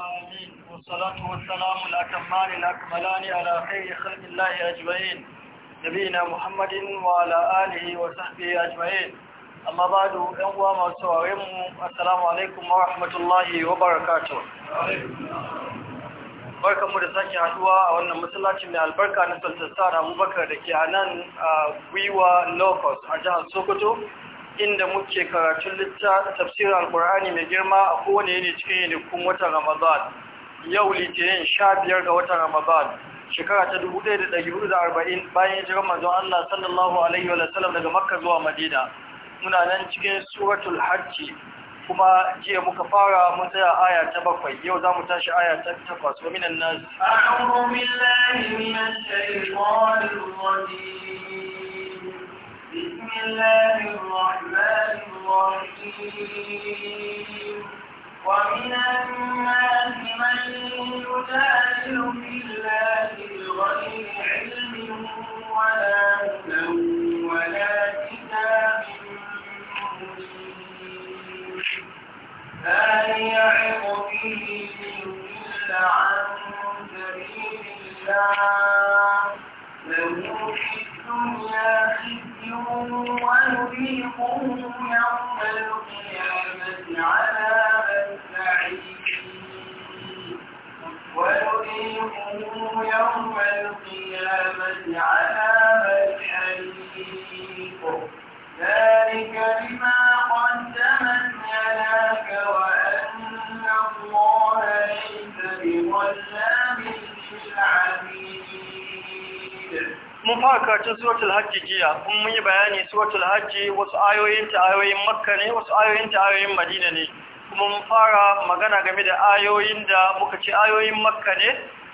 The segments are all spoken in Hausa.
العالمين والصلاة والسلام الأكمان الأكملان على خير خلق الله أجمعين نبينا محمد وعلى آله وصحبه أجمعين أما بعد أنواع ما سوارم السلام عليكم ورحمة الله وبركاته barka mu da sake haduwa a wannan masallaci mai albarka na Sultan Star Abubakar da ke a nan a Gwiwa Locust a jihar Sokoto inda muke karatun tafsirin alkur'ani mai girma a kowane yini cikin yinikun watan ramadan yau litinin sha biyar ga watan ramadan shekara ta 1440 bayan jiran manzon Allah sallallahu alaihi wa sallam daga makka zuwa madina muna nan cikin suratul hajji kuma jiya muka fara mun tsaya aya ta bakwai yau za mu tashi aya ta takwas wa minan nas a'udhu billahi minash shaitanir rajim الله الرحمن الرحيم ومن الناس من يجادل في الله بغير علم ولا هدى ولا كتاب مبين ثاني عقبه ليضل عن سبيل الله له الدنيا خزي ويذيقهم يوم القيامة عذاب السعير يوم القيامة عذاب الحريق ذلك بما قال mun fara karatun suratul hajji jiya kun mun yi bayani suratul hajji wasu ayoyin ta ayoyin makka ne wasu ayoyin ta ayoyin madina ne kuma mun fara magana game da ayoyin da muka ci ayoyin makka ne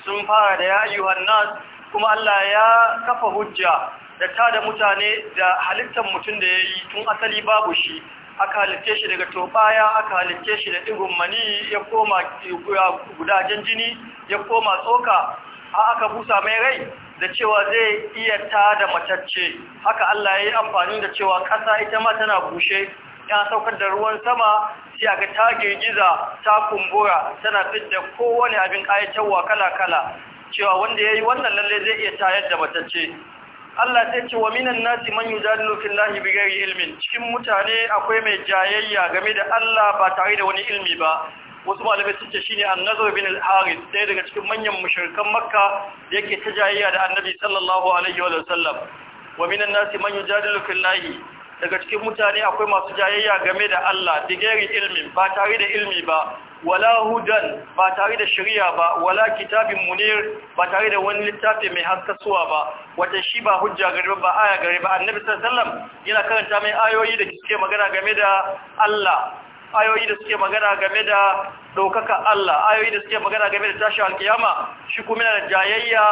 sun fara da ya ayyuhan nas kuma Allah ya kafa hujja da ta da mutane da halittar mutum da ya yi tun asali babu shi aka halitte shi daga tobaya aka halitte shi da ɗigun mani ya koma gudajen jini ya koma tsoka a aka busa mai rai da cewa zai iya tada matacce haka Allah ya yi amfani da cewa ƙasa ita ma tana bushe ya saukar da ruwan sama sai a ga ta girgiza ta kumbura tana da kowane abin ƙayatarwa kala-kala cewa wanda ya yi wannan lalle zai iya tayar da matacce Allah sai ce wa minan nasi man yujadilu fillahi bighairi ilmin cikin mutane akwai mai jayayya game da Allah ba tare da wani ilmi ba wasu malamai sun ce shine annazar bin al-haris ɗaya daga cikin manyan mushrikan makka da yake ta jayayya da annabi sallallahu alaihi wa sallam wa minan nasi man yujadilu fillahi daga cikin mutane akwai masu jayayya game da Allah digeri ilmin ba tare da ilmi ba wala hudan ba tare da shari'a ba wala kitabin munir ba tare da wani littafi mai haskasuwa ba wata shi ba hujja gare ba aya gari ba annabi sallallahu alaihi yana karanta mai ayoyi da suke magana game da Allah ayoyi da suke magana game da ɗaukaka Allah ayoyi da suke magana game da tashi alkiyama shi kuma yana da jayayya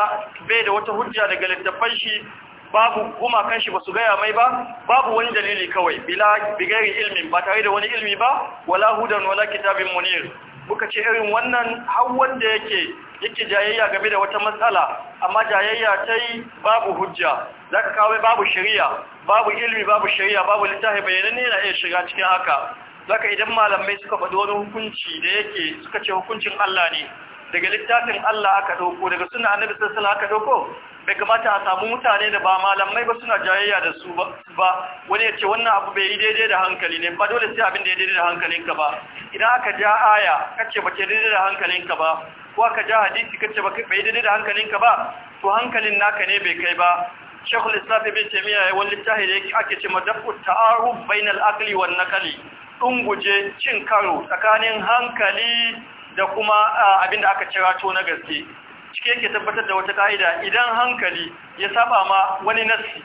bai da wata hujja daga littafan shi babu kuma kan shi ba su gaya mai ba babu wani dalili kawai bila bigari ilmin ba tare da wani ilmi ba wala hudan wala kitabin munir muka ce irin wannan har wanda yake yake jayayya game da wata matsala amma jayayya ta yi babu hujja za ka kawai babu shari'a babu ilmi babu shari'a babu littafi bayananne na iya shiga cikin haka zaka idan malamai suka faɗi wani hukunci da yake suka ce hukuncin Allah ne daga littafin Allah aka ɗauko, daga suna annabi sallallahu alaihi wasallam aka ɗauko? bai kamata a samu mutane da ba malamai ba suna jayayya da su ba wani ya ce wannan abu bai yi daidai da hankali ne ba dole sai abin da ya daidai da hankalinka ba idan aka ja aya kace ba ke daidai da hankalinka ba ko aka ja hadisi kace ba bai daidai da hankalinka ba to hankalin naka ne bai kai ba shekul islam ibn taymiya ya wani littafi da ake ce madafu ta'aruf bainal aqli wan naqli ɗunguje cin karo tsakanin hankali da kuma abin da aka cirato na gaske cike yake tabbatar da wata ka'ida idan hankali ya saba ma wani nassi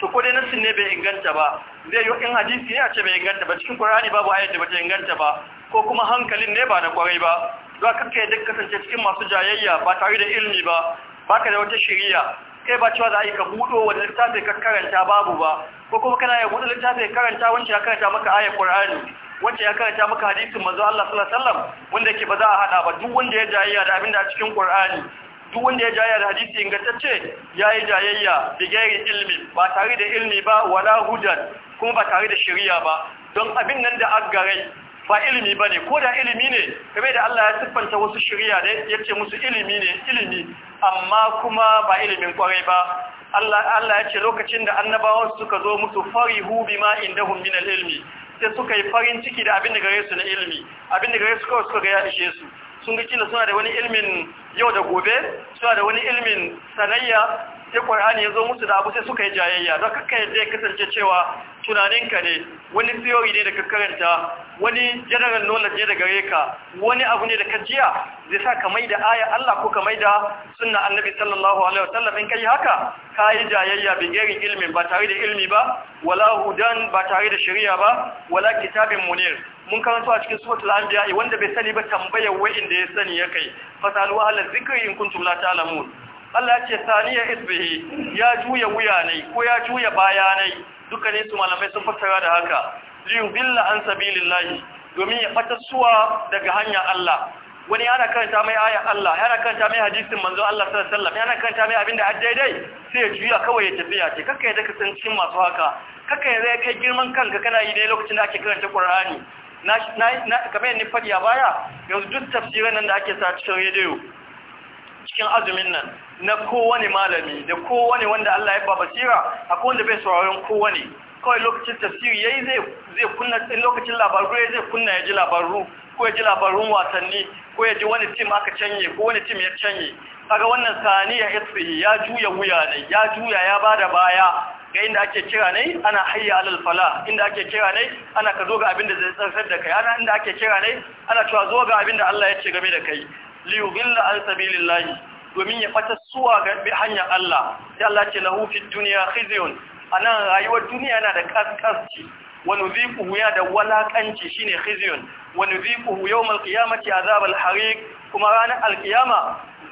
to ko dai nassin ne bai inganta ba zai yi in hadisi ne a ce bai inganta ba cikin qur'ani babu ayat da bata inganta ba ko kuma hankalin ne ba na kwarai ba don kake duk kasance cikin masu jayayya ba tare da ilmi ba baka da wata shiriya kai ba cewa za a yi ka buɗo wani littafi ka karanta babu ba ko kuma kana ya buɗe littafi karanta wancan ya karanta maka aya Qur'ani wancan ya karanta maka hadisin mazu Allah sallallahu wanda ke ba za a hada ba duk wanda ya jayayya da da a cikin Qur'ani duk wanda ya jayayya da hadisi ingantacce yayi jayayya da gairi ilmi ba tare da ilmi ba wala hudan kuma ba tare da shari'a ba don abin nan da aggarai ba ilimi ba ne, ko da ilimi ne game da Allah ya siffanta wasu shirya da ce musu ilimi ne ilimi amma kuma ba ilimin kwarai ba Allah ya ce lokacin da annabawa suka zo musu fari hubi ma inda hun min ilimi, sai suka yi farin ciki da abin da gare su na ilimi abin da gare su kawai suka gaya ya ishe su sun ga kila suna da wani ilimin yau da gobe suna da wani ilimin sanayya sai ƙwar'ani ya zo musu da abu sai suka yi jayayya don kakka yadda ya kasance cewa tunaninka ne wani theory ne da ka karanta wani general knowledge ne daga reka wani abu ne da ka jiya zai sa ka mai da aya Allah ko ka da sunna annabi sallallahu alaihi wasallam in kai haka ka yi jayayya bi gairin ilmin ba tare da ilmi ba wala hudan ba tare da shari'a ba wala kitabin munir mun karanta a cikin suratul anbiya wanda bai sani ba tambayar da ya sani ya kai fasalu wahalar zikri in kuntum la ta'lamun Allah ya ce saniya isbihi ya juya wuya ne ko ya juya baya ne ne su malamai sun fassara da haka billa an sabilillahi domin ya fata suwa daga hanya Allah wani yana karanta mai aya Allah yana karanta mai hadisin manzo Allah sallallahu alaihi wasallam yana karanta mai abinda har daidai sai ya juya kawai ya tafiya ce kaka yadda ka san cikin masu haka kaka yadda kai girman kanka kana yi dai lokacin da ake karanta Qur'ani na na kamar ni faɗi a baya yanzu duk tafsirin nan da ake sa cikin rediyo cikin azumin nan na kowane malami da kowane wanda Allah ya ba basira akwai da bai sauraron kowane kawai lokacin tafsiri ya zai zai kunna lokacin labaru ya zai kunna ya ji labaru ko ya ji labarun wasanni ko ya ji wani tim aka canye ko wani tim ya canye kaga wannan ya isfihi ya juya wuya ne ya juya ya ba da baya ga inda ake kira ne ana hayya alal fala inda ake kira ne ana ka zo ga abin da zai tsarsar da kai ana inda ake kira ne ana cewa zo ga abin da Allah ya ce game da kai liyudilla an sabilillahi domin ya fata suwa ga hanyar Allah Ya Allah ce lahu fid dunya khizyun anan rayuwar duniya yana da kaskanci wa nuziquhu ya da walakanci shine khizyun wa nuziquhu yawmal qiyamati azab al kuma ranar alkiyama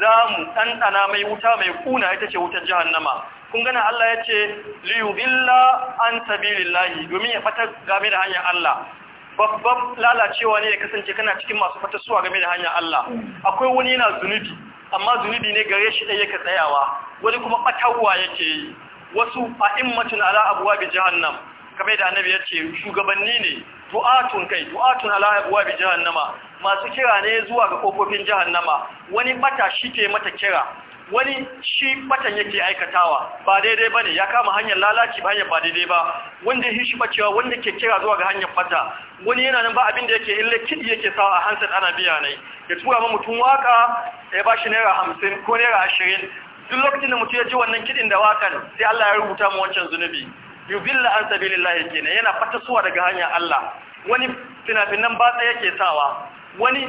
zamu ɗanɗana mai wuta mai kuna ita ce wutar jahannama kun gana Allah ya ce liyudilla an sabilillahi domin ya fata game da hanyar Allah babban lalacewa ne ya kasance kana cikin masu fatasuwa game da hanyar Allah akwai wani yana zunubi amma zunubi ne gare shi ɗaya ka tsayawa wani kuma ɓatarwa yake yi wasu a'immatun ala abuwa bi jahannam kamar da annabi ya ce shugabanni ne du'atun kai du'atun ala abuwa bi jahannama masu kira ne zuwa ga kofofin jahannama wani bata shi ke mata kira wani shi batan yake aikatawa ba daidai ba ne ya kama hanyar lalaci ba hanyar ba daidai ba wanda ya shi bacewa wanda ke kira zuwa ga hanyar fata wani yana nan ba abin da yake illa kiɗi yake sawa a hansar ana biya ne ya tura ma mutum waka ya ba shi naira hamsin ko naira ashirin duk lokacin da mutum ya ji wannan kiɗin da wakan sai Allah ya rubuta mu wancan zunubi yubilla an sabilillahi kenan yana suwa daga hanyar Allah wani fina-finan batsa yake sawa wani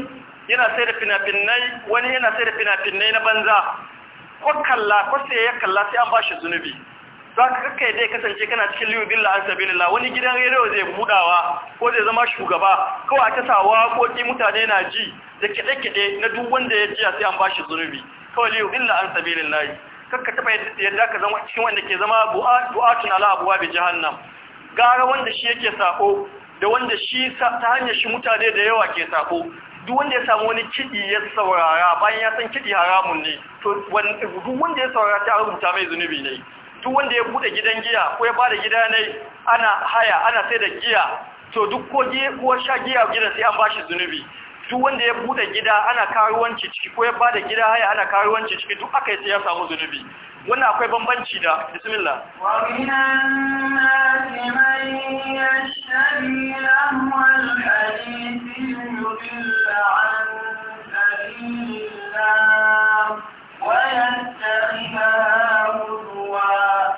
yana sai da fina-finai wani yana sai da fina-finai na banza ko kalla ko sai ya kalla sai an ba shi zunubi za ka kakka dai kasance kana cikin liyu billa an sabilillah wani gidan rediyo zai budawa ko zai zama shugaba kawai ta sa waƙoƙi mutane na ji da kiɗe-kiɗe na duk wanda ya jiya sai an ba shi zunubi kawai liyu billa an sabilillah kakka taɓa yadda ka zama cikin wanda ke zama bu'atun ala abuwa bi jahannam gara wanda shi yake sako da wanda shi ta hanyar shi mutane da yawa ke sako duk wanda ya samu wani kiɗi ya saurara bayan ya san kiɗi haramun ne to duk wanda ya saurara ta rubuta mai zunubi ne duk wanda ya bude gidan giya ko ya bada gida ne ana haya ana sai da giya to duk ko ko sha giya gidan sai an bashi zunubi duk wanda ya bude gida ana karuwanci ciki ko ya bada gida haya ana karuwanci ciki duk akai sai ya samu zunubi wannan akwai bambanci da bismillah wa minan nasi man yashri lahwal hadith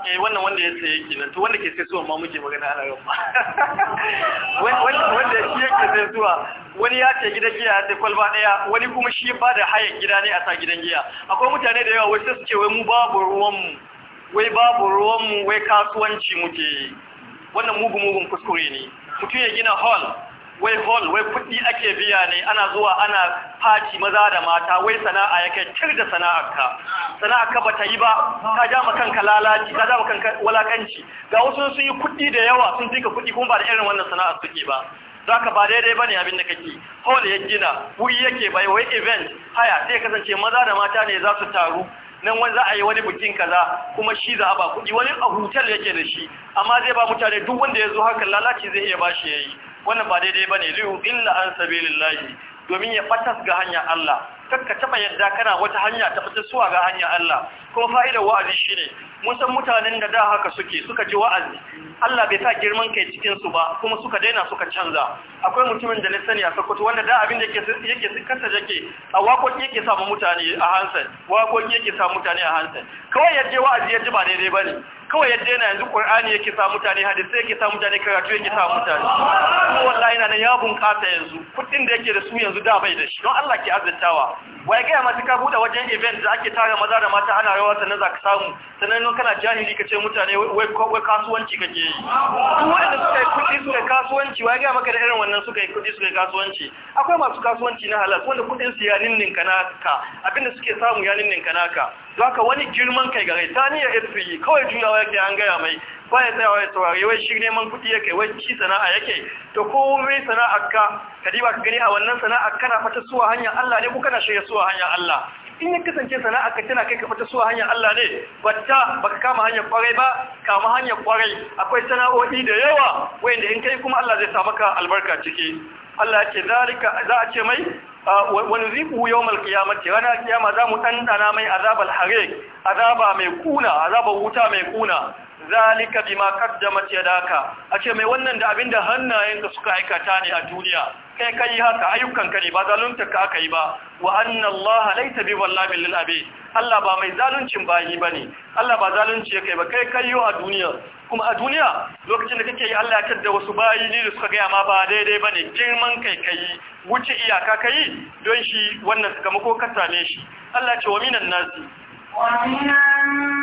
eh wannan wanda ya saye kenan to wanda ke sai suwa ma muke magana ana yau wanda shi yake sai suwa wani ya ce gidan giya sai kwalba daya wani kuma shi ba da hayan gida ne a sa gidan giya akwai mutane da yawa wasu su ce wai mu babu ruwan mu, wai babu ruwan mu, wai kasuwanci muke wannan mugu mugun kuskure ne mutum ya gina hall wai hall wai kuɗi ake biya ne ana zuwa ana fati maza da mata wai sana'a yake cir da sana'arka sana'arka ba ta yi ba ka ja kanka lalaci ka ja kanka walakanci ga wasu sun yi kuɗi da yawa sun fika kuɗi kuma ba da irin wannan sana'ar suke ba za ka ba daidai ba ne abin da kake hall ya gina wuri yake bai wai event haya sai kasance maza da mata ne za su taru nan wani za a yi wani bikin kaza kuma shi za a ba kuɗi wani a hotel yake da shi amma zai ba mutane duk wanda ya zo hakan lalaci zai iya ba shi ya yi wannan ba daidai bane lihu illa an sabilillahi domin ya fatas ga hanya Allah kakka taba yadda kana wata hanya ta fita suwa ga hanya Allah ko fa'idar wa'azi shine mun san mutanen da da haka suke suka ji wa'azi Allah bai sa girman kai cikin su ba kuma suka daina suka canza akwai mutumin da na sani a Sokoto wanda da abin da yake yake kasa yake a waƙoƙi yake sa mutane a yake sa mutane a hansan kawai yaje wa'azi yaji ba daidai bane kawai yadda yana yanzu Qur'ani yake sa mutane hadisi yake sa mutane karatu yake sa mutane kuma wallahi yana ya bunƙasa yanzu kuɗin da yake da su yanzu da bai da shi don Allah ke azantawa wai ga ma ka bude wajen event da ake tara maza da mata ana rayuwa sannan za ka samu sannan kana jahili ka ce mutane wai kasuwanci kake yi duk suka yi kudi suka kasuwanci wa gaya maka da irin wannan suka yi kudi suka yi kasuwanci akwai masu kasuwanci na halal wanda kudin su ya ninninka naka abinda suke samu ya ka naka zaka wani girman kai ga ta niyyar irfi kawai juyawa yake an gaya mai baya tsayawa ya saurari wai shi neman kuɗi yake wai ci sana'a yake to ko wai sana'a ka kadi ba ka gani a wannan sana'a kana fata suwa hanyar Allah ne ko kana shirya suwa hanyar Allah in ya kasance sana'a ka tana kai ka fita suwa hanyar Allah ne ba baka kama hanyar kwarai ba kama hanyar kwarai akwai sana'o'i da yawa wanda in kai kuma Allah zai sa maka albarka ciki Allah ya ce zalika za a ce mai ah, wani ziku yau malkiyamati rana kiyama za mu ɗanɗana mai azabar hare azaba mai kuna azabar wuta mai kuna zalika bima qaddamat yadaka ace mai wannan da abinda hannayenka suka aikata ne a duniya kai kai haka ayyukan ka ne ba zalunta ka aka yi ba wa anna allaha laysa bi wallahi lil abi Allah ba mai zaluncin bayi bane Allah ba zalunci kai ba kai kai a duniya kuma a duniya lokacin da kake yi Allah ya tadda wasu bayi ne da suka ga ma ba daidai bane girman kai kai wuce iyaka kai don shi wannan sakamako ka same shi Allah ce wa minan nasi wa minan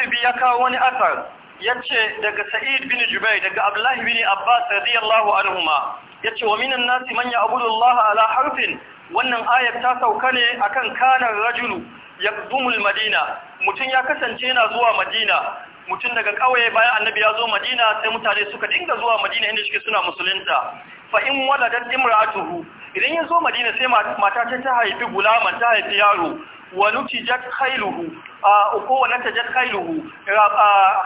al ya kawo wani asar yace daga sa'id bin jubair daga abdullahi bin abbas radiyallahu anhuma yace wa minan nasi man ya'budu allaha ala harfin wannan ayat ta sauka ne akan kana rajulu yaqdumul madina mutun ya kasance yana zuwa madina mutum daga kauye bayan annabi ya zo madina sai mutane suka dinga zuwa madina inda shike suna musulunta fa in a tuhu, idan ya zo madina sai mata ta ta haifi gulama ta haifi yaro wani ta jat kailuhu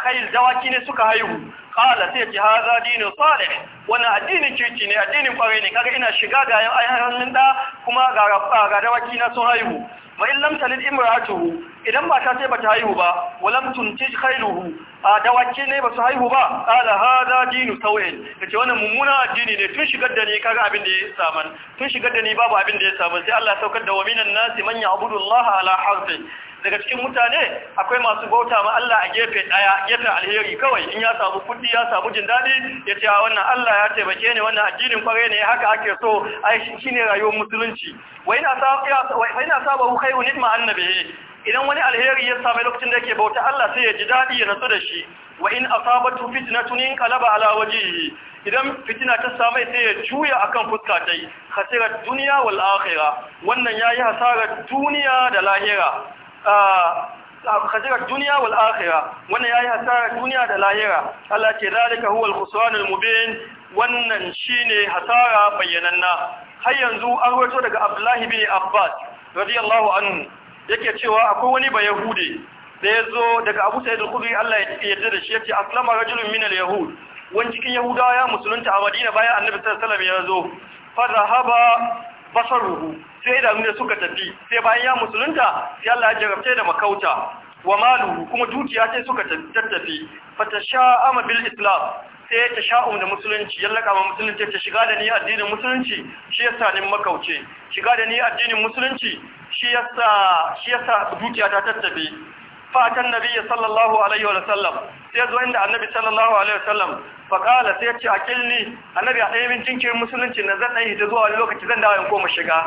kail dawaki ne suka haihu kala sai ki haza dini tsare wani addinin kirki ne addinin kwarai ne kaga ina shiga ga ayyarin da kuma ga dawaki na sun haihu wa lamtalin lam idan mata sai bata haihu ba walam tuntij khairuhu a dawaki ne basu haihu ba qala hada dinu tawil kace wannan mummuna addini ne tun shigar da ni kaga abin da ya saman tun shigar da ni babu abin da ya saman sai Allah saukar da wa minan nasi man ya'budu Allah ala harfi daga cikin mutane akwai masu bauta ma Allah a gefe daya gefen alheri kawai in ya samu kudi ya samu jin dadi ya ce wannan Allah ya taimake ni wannan addinin kware ne haka ake so ai ne rayuwar musulunci wa ina sa wa ina sa ba khairu nidma annabi idan wani alheri ya sami lokacin da yake bauta Allah sai ya ji dadi ya nutsu da shi wa in asabatu fitnatun inqalaba ala wajhihi idan fitina ta samai sai ya juya akan fuska tai khasirat dunya wal akhirah wannan yayi hasarar duniya da lahira khasirar duniya wal akhira wannan yayi hasarar duniya da lahira Allah ce zalika huwal khusranul mubin wannan shine hasara bayyananna har yanzu an rawaito daga Abdullahi bin Abbas radiyallahu anhu yake cewa akwai wani bayahude da yazo daga Abu Sa'id al-Khudri Allah ya yarda da shi yace aslama rajulun min al-yahud wani cikin yahudawa ya musulunta a Madina bayan Annabi sallallahu alaihi wasallam ya zo fa zahaba basaruhu sai idanu ne suka tafi sai bayan ya musulunta sai Allah ya jarabce da makauta wa maluhu kuma dukiya sai suka tattafi fatasha'ama bil islam sai ta sha'um da musulunci yallaka ma musulunci ta shiga da ni addinin musulunci shi yasa ni makauce shiga da ni addinin musulunci shi yasa shi yasa dukiya ta tattafi fatan nabiyyi sallallahu alaihi wa sallam sai zo inda annabi sallallahu alaihi wa sallam faƙala sai ce akilli annabi a ɗaya jinkirin musulunci na zan ɗaya zuwa wani lokaci zan dawo in koma shiga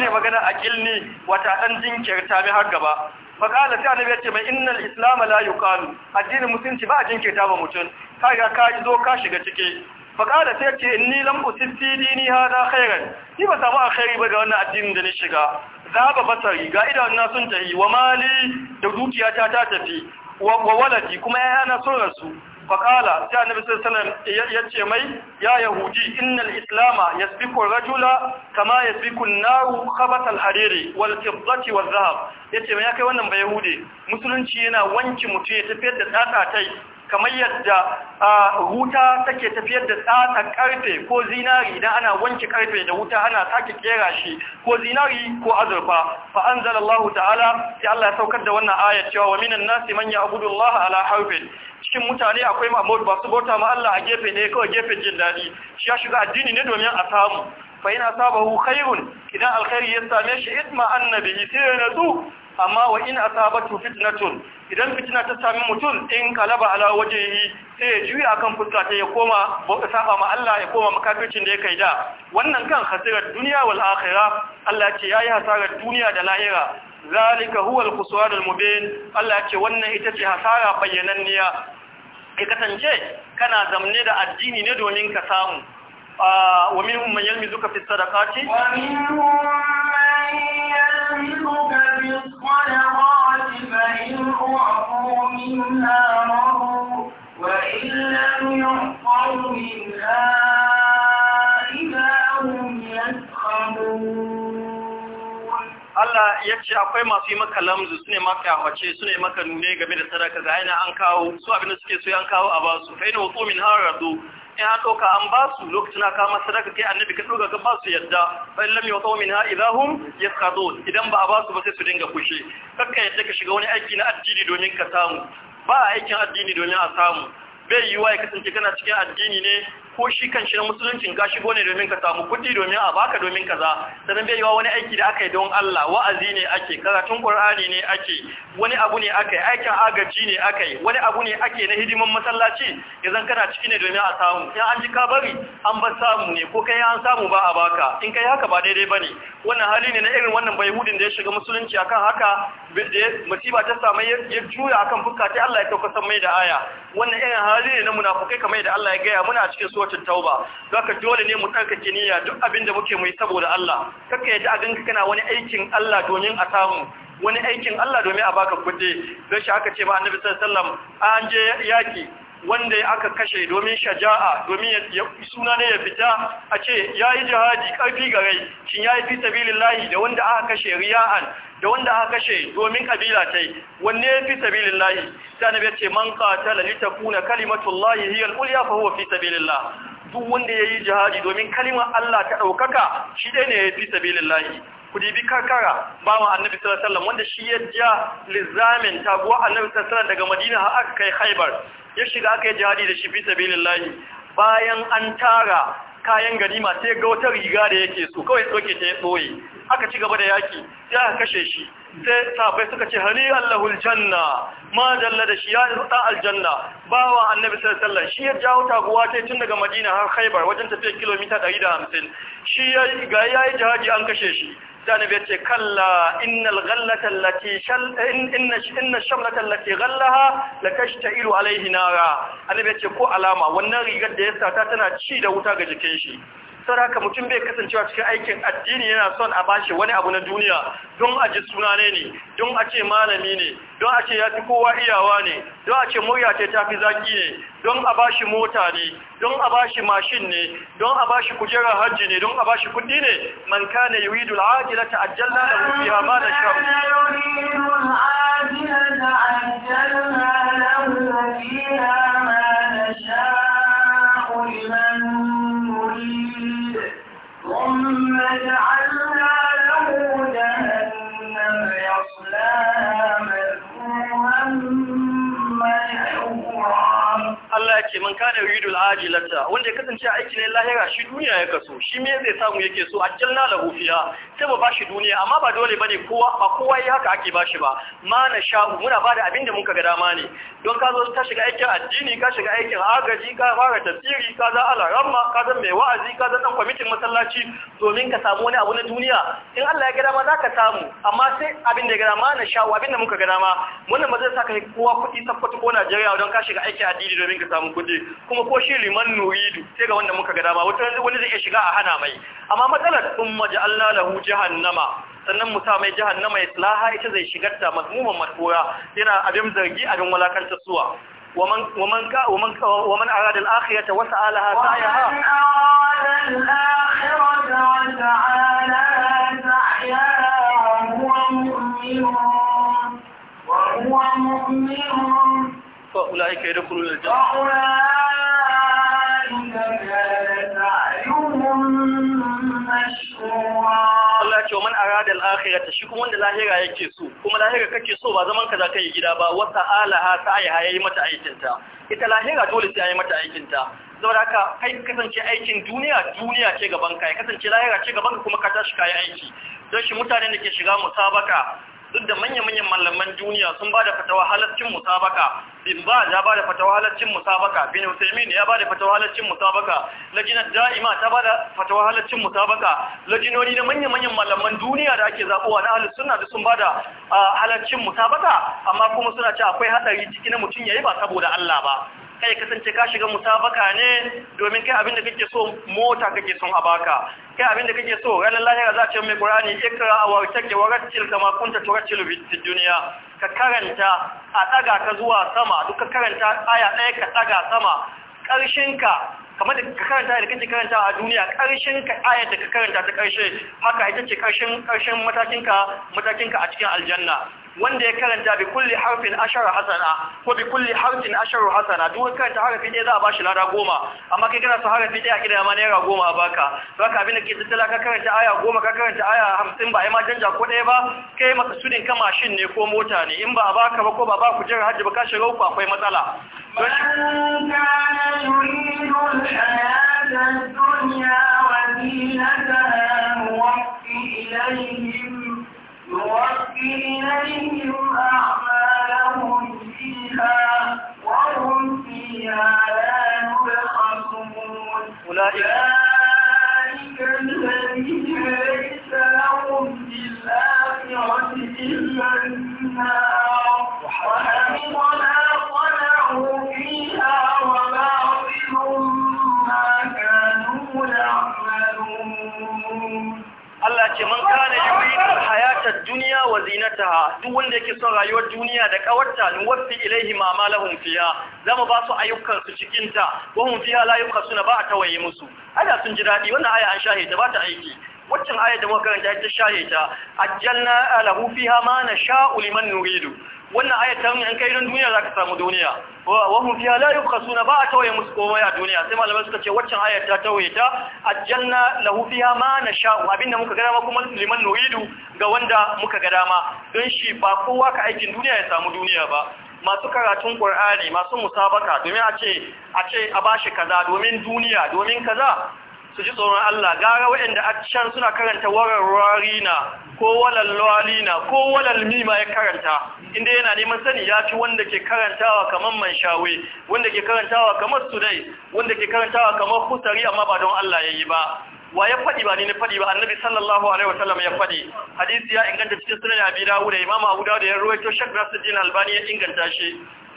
ne magana akilli wata ɗan jinkirta mai har gaba faƙala sai annabi ya ce mai innal islam la yuqalu addinin musulunci ba a jinkirta ba mutum ka ga ka zo ka shiga ciki faƙala sai ce ni lam usifti dini na khairan ni ba samu alkhairi ba ga wannan addinin da ni shiga zaba basari ga idanuna sun tafi, wa mali da dukiyata ta tafi wa waladi kuma 'ya'yana sun rasu faƙala sai annabi sallallahu alaihi ya ce mai ya yahudi innal islama yasbiqu rajula kama yasbiqu an-naru khabat al-hariri wal fiddati dhahab yace mai ya kai wannan ba yahudi musulunci yana wanki mutum ya tafiyar da tsatsatai kamar yadda wuta take tafiyar da tsatsan karfe ko zinari idan ana wanke karfe da wuta ana sake kera shi ko zinari ko azurfa fa anzalallahu ta'ala sai Allah ya saukar da wannan ayat cewa wa minan nasi man ya'budu Allah ala harfin cikin mutane akwai ma'amud ba su bauta ma Allah a gefe ne kawai gefe jin daɗi shi ya shiga addini ne domin a samu fa yana sabahu khairun idan alkhairi ya same shi idma annabi sai ya natsu amma wa in asabatu fitnatun idan fitina ta sami mutum in kalaba ala yi, sai ya juya akan fuska ta ya koma saba ma Allah ya koma makafircin da ya kai da wannan kan hasirar duniya wal akhirah Allah ce yayi hasarar duniya da lahira zalika huwa al-khusran al-mubin Allah ce wannan ita ce hasara bayyananniya ka kasance kana zamne da addini ne domin ka samu wa minhum man yalmizuka fi Allah ya akwai masu yi maka lamzu su ne maka yawace su ne maka nune game da sadaka ga yana an kawo su abinda suke yi an kawo a basu Faina ina wato min har in an ɗauka an ba su lokacin aka ma sadaka kai annabi ka ɗauka ka ba su yadda fa in lam yutau minha idahum yasqadun idan ba a ba su ba sai su dinga kushe kakka yadda ka shiga wani aiki na addini domin ka samu ba aikin addini domin a samu bai yiwa ya kasance kana cikin addini ne ko shi kan shi na musuluncin ga shigo ne domin ka samu kuɗi domin a baka domin kaza sanan bai wa wani aiki da aka yi don Allah wa'azi ne ake karatun Qur'ani ne ake wani abu ne aka yi aikin agaji ne aka yi wani abu ne ake na hidiman masallaci idan kana ciki ne domin a samu in an ji ka bari an ba samu ne ko kai an samu ba a baka in kai haka ba daidai bane wannan hali ne na irin wannan bayhudin da ya shiga musulunci akan haka musiba ta samu ya juya akan fuska ta Allah ya tauka san mai da aya wannan irin hali ne na munafukai kamar yadda Allah ya gaya muna cikin suratul tauba zaka dole ne mu tsarkake niyya duk abinda muke mu yi saboda Allah kaka yadda a ganka kana wani aikin Allah domin a samu wani aikin Allah domin a baka kuɗi don shi aka ce ba annabi sallallahu alaihi wasallam an je yaki wanda aka kashe domin shaja'a domin suna ne ya fita a ce ya yi jihadi ƙarfi ga rai shin ya yi fi sabilillahi da wanda aka kashe riya'an da wanda aka kashe domin kabila ta yi wanne ya fi sabilillahi ta nabi ce man qatala li takuna kalimatullahi hiya al-ulya fa huwa fi sabilillah duk wanda ya yi jihadi domin kalimar Allah ta ɗaukaka, shi ɗaya ne ya fi sabilillahi kudi bi karkara bawan annabi sallallahu alaihi wasallam wanda shi ya ja lizamin taguwa annabi sallallahu alaihi wasallam daga Madina har aka kai Khaibar ya shiga aka yi jihadi da shi fi sabilillahi bayan an tara kayan ganima sai ga wata riga da yake so kawai tsoke ta ya tsoye aka ci gaba da yaki sai aka kashe shi sai sahabbai suka ce hali allahul janna ma jalla da shi ya isa aljanna bawa annabi sallallahu alaihi shi ya jawo taguwa ta tun daga madina har khaibar wajen tafiya kilomita 150 shi ya ga yayi jihadi an kashe shi sai annabi ya ce kalla innal ghallata allati shal inna inna shamlata allati ghallaha lakashtailu alaihi nara annabi ya ce ko alama wannan rigar da ya sata tana ci da wuta ga jikin shi saraka mutum bai kasancewa cikin aikin addini yana son a bashi wani abu na duniya don a ji suna ne don a ce malami ne don a ce ya fi kowa iyawa ne don a ce murya ce ta fi zaki ne don a bashi mota ne don a bashi mashin ne don a bashi kujera hajji ne don a bashi kudi ne man kana yuridu al-ajila ta'ajjalna lahu fiha ma da yuridu al-ajila ta'ajjalna lahu ثم جعلنا له جهنم مذموما مدعوما Allah ya ce man kana al ajilata wanda ya kasance aiki ne lahira shi duniya ya kaso shi me zai samu yake so a ajalna la hufiya sai ba bashi duniya amma ba dole bane kowa ba kowa yi haka ake bashi ba ma na sha muna bada abinda muka ga dama ne don ka zo ka shiga aikin addini ka shiga aikin agaji ka fara tafsiri ka za al-ramma ka zan mai wa'azi ka zan dan kwamitin masallaci domin ka samu wani abu na duniya in Allah ya ga dama zaka samu amma sai abinda ya ga dama na sha abinda muka ga dama wannan ba zai saka kowa kuɗi sakwato ko Najeriya don ka shiga aikin addini domin ka samu kudi kuma ko shi liman nuridu sai ga wanda muka ga dama wata wani zai iya shiga a hana mai amma matsalar sun maja'alna lahu jahannama sannan mu sa mai jahannama tsalaha ita zai shigar ta mazmuman matkora yana abin zargi abin walakanta suwa ومن ومن ومن ومن أراد الآخرة alaha ta سعيها ومن وسعى أولئك يدخلون الجنة أولئك كانت أعينهم مشهورا Allah ce man aradal akhirata shi kuma wanda lahira yake so kuma lahira kake so ba zaman ka za yi gida ba wata ha ta ayi hayi mata aikin ta ita lahira dole sai ayi mata aikin ta saboda haka kai kasance aikin duniya duniya ce gaban ka ya kasance lahira ce gaban ka kuma ka tashi kai aiki don shi mutanen da ke shiga musabaka duk da manya-manyan malaman duniya sun ba da fatawa halaccin musabaka bin ba ya ba da fatawa halaccin musabaka bin usaimin ya ba da fatawa halaccin musabaka lajinar da'ima ta ba da fatawa halaccin musabaka lajinoni na manya-manyan malaman duniya da ake zaɓowa na ahalus suna da sun ba da ah, halaccin musabaka amma kuma suna ce akwai haɗari ciki na mutum ya yi ba saboda Allah ba kai kasance ka shiga mutabaka ne domin kai abinda kake so mota kake son a baka kai abinda kake so ranar lahira za a mai qur'ani ikra wa take wa rattil kama kunta turattilu fid dunya ka karanta a daga ka zuwa sama duk ka karanta aya ɗaya ka daga sama ka. kamar da ka karanta da kake karanta a duniya karshen ka ayar da ka karanta ta karshe. haka ita ce ka matakin matakinka a cikin aljanna wanda ya karanta bi kulli harfin ashara hasana ko bi kulli harfin ashara hasana duk karanta harafi ɗaya za a bashi lada goma amma kai kana son harafi ɗaya kida ma naira goma a baka zaka abin da ke tattala ka karanta aya goma ka karanta aya hamsin ba ai ma janja ko ɗaya ba kai maka sudin ka mashin ne ko mota ne in ba a baka ba ko ba ba ku jira hajji ba ka shiga uku akwai matsala shi zawjataha duk wanda yake son rayuwar duniya da kawarta nuwaffi ilai ma malahum fiha zama ba su ayyukan su cikin ta wa hum fiha la ba a tawaye musu ana sun ji daɗi. wannan aya an shahida ba ta aiki waccan aya da muka karanta ita shahida ajjalna lahu fiha ma sha'u liman nuridu wannan aya ta in kai ran duniya zaka samu duniya wa hum fiha la yubkhasuna ba a tawaye musu komai a duniya sai malamai suka ce waccan aya ta tawaye ta ajjalna lahu fiha ma sha'u abinda muka gada dama kuma liman nuridu ga wanda muka ga dama don shi ba kowa ka aikin duniya ya samu duniya ba masu karatun Qur'ani masu musabaka domin a ce a ce a bashi kaza domin duniya domin kaza su ji tsoron Allah gara waɗanda a can suna karanta wararwari na ko walal na ko walal mima ya karanta inda yana neman sani ya fi wanda ke karantawa kamar manshawe wanda ke karantawa kamar sudai wanda ke karantawa kamar kusari, amma ba don Allah ya yi ba wa ya faɗi ba ni na faɗi ba annabi sallallahu alaihi wasallam ya faɗi hadisi ya inganta cikin sunan abi dawud da imam abu dawud ya ruwaito shak nasuddin albani ya inganta shi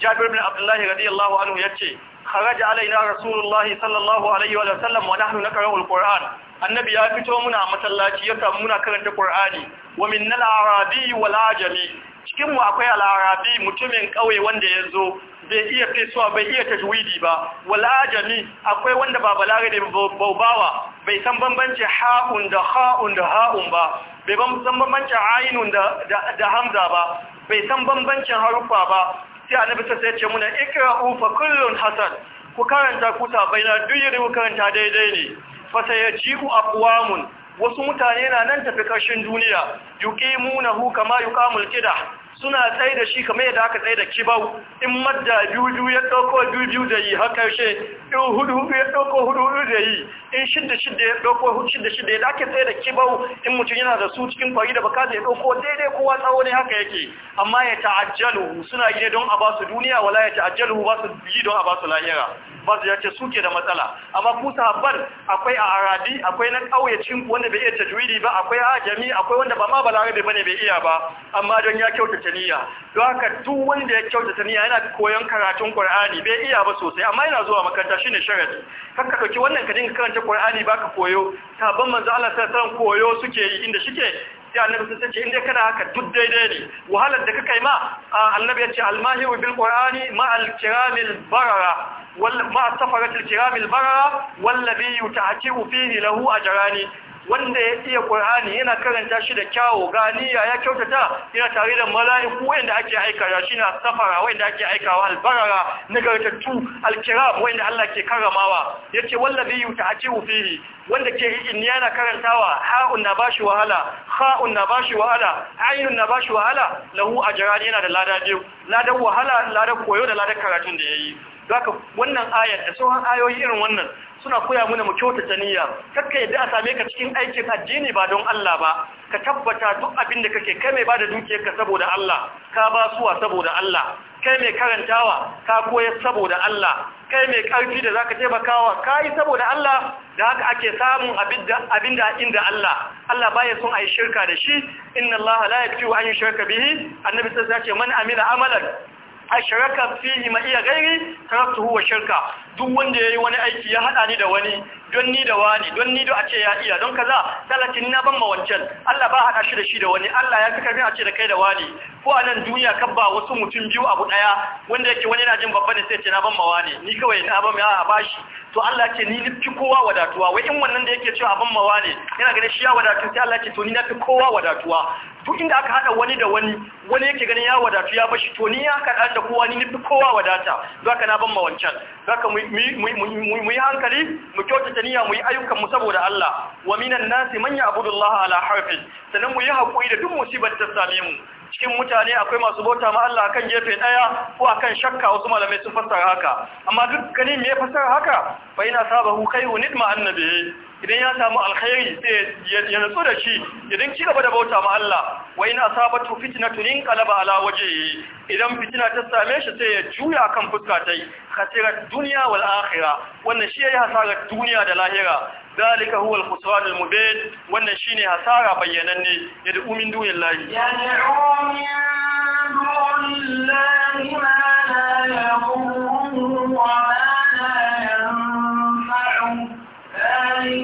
jabir bin abdullahi radiyallahu anhu yace kharaja alaina rasulullahi sallallahu alaihi wa sallam wa nahnu naqra'u alquran annabi ya fito muna masallaci ya samu muna karanta qur'ani wa min arabi wal ajami cikinmu akwai al'arabi mutumin ƙauye wanda ya zo bai iya fesuwa bai iya tajwidi ba wal'ajami akwai wanda ba balare da baubawa bai san bambanci ha'un da ha'un da ha'un ba bai san bambancin ainun da hamza ba bai san bambancin haruffa ba sai annabi sai ya ce muna ikra'u fa kullun hasan ku karanta kuta Bai duk yadda ku karanta daidai ne fa sayaji'u aqwamun wasu mutane na nan tafi ƙarshen duniya yuqimunahu kama yuqamul qidah suna tsaye da shi kamar yadda aka tsaye da kibau in madda biyu ya ɗauko biyu da yi har ƙarshe, in hudu ya ɗauko hudu da yi in shidda shidda ya ɗauko shidda shidda ya ake tsaye da kibau in mutum yana da su cikin kwari da baka da ya ɗauko daidai kowa tsawo ne haka yake amma ya ta'ajjalu suna gine don a ba su duniya wala ya ta'ajjalu ba su yi don a ba su lahira bar su ya suke da matsala amma ku sahabban akwai a arabi akwai na ƙauyacin wanda bai iya tajwidi ba akwai a jami akwai wanda ba ma balarabe bane bai iya ba amma don ya kyautata niyya don haka duk wanda ya kyautata niyya yana koyon karatun Qur'ani bai iya ba sosai amma yana zuwa makaranta shine sharadi kanka dauki wannan ka dinga karanta Qur'ani baka koyo sahabban manzo Allah sallallahu alaihi wasallam koyo suke yi inda shike sai annabi sun ce in dai kana haka duk daidai ne wahalar da ka kai ma annabi ya ce almahiru bil qur'ani ma al kiramil barara wal ma safaratil kiramil barara wallabi yutaqiru fihi lahu ajrani wanda ya iya Qur'ani yana karanta shi da kyawu ganiya ya kyautata yana tare da mala'iku wanda ake aikawa shi na safara wanda ake aikawa albarara nagartattu alkiram wanda Allah ke karamawa yace wallazi yuta'ajiru fihi wanda ke in yana karantawa ha'un na bashi wahala kha'un na bashi wahala ainun na bashi wahala lahu ajran yana da lada biyu lada wahala lada koyo da lada karatun da yayi ka wannan ayar da sauran ayoyi irin wannan suna koya mana mu kyautata niyya kakka yadda a same ka cikin aikin addini ba don Allah ba ka tabbata duk abin da kake kai mai ba bada dukiyarka saboda Allah ka basuwa saboda Allah kai mai karantawa ka koyar saboda Allah kai mai karfi da zaka taimakawa kai saboda Allah da haka ake samun abin abinda inda Allah Allah baya son ayi shirka da shi inna Allah la yaghfiru an yushraka bihi annabi sai ya ce man amila amalan ashraka fihi ma iya gairi taraktuhu wa shirka duk wanda yayi wani aiki ya hada ni da wani don ni da wani don ni da a ce ya iya don kaza talatin na ban ma wancan Allah ba hada shi da shi da wani Allah ya kaka a ce da kai da wani ko a nan duniya kan ba wasu mutum biyu abu daya wanda yake wani yana jin babban ne sai ce na ban ma wani ni kawai na ban ma a bashi to Allah ce ni nufi kowa wadatuwa wai in wannan da yake cewa ban ma wani yana ganin shi ya wadatu sai Allah ce to ni na kowa wadatuwa duk inda aka hada wani da wani wani yake gani ya wadatu ya bashi to ni ya kada da kowa ni nufi kowa wadata za ka na ban ma wancan za ka mu yi hankali mu kyautata niyya mu yi ayyukan mu saboda Allah wa minan nasi man ya'budu ala harfi sannan mu yi hakuri da duk musibar ta same mu cikin mutane akwai masu bauta ma Allah akan gefe daya ko akan shakka wasu malamai sun fassara haka amma dukkanin me ya fassara haka fa ina sabahu kai wa nidma annabi idan ya samu alkhairi sai ya nutsu da shi idan ci gaba da bauta ma Allah wa in asabatu fitnatun inqalaba ala wajhihi idan fitina ta same shi sai ya juya kan fuska tai khasirat dunya wal akhira wannan shi yayi hasarar duniya da lahira dalika huwa al khusran al mubin wannan shine hasara bayyananne yad'u min dunillahi yad'u min dunillahi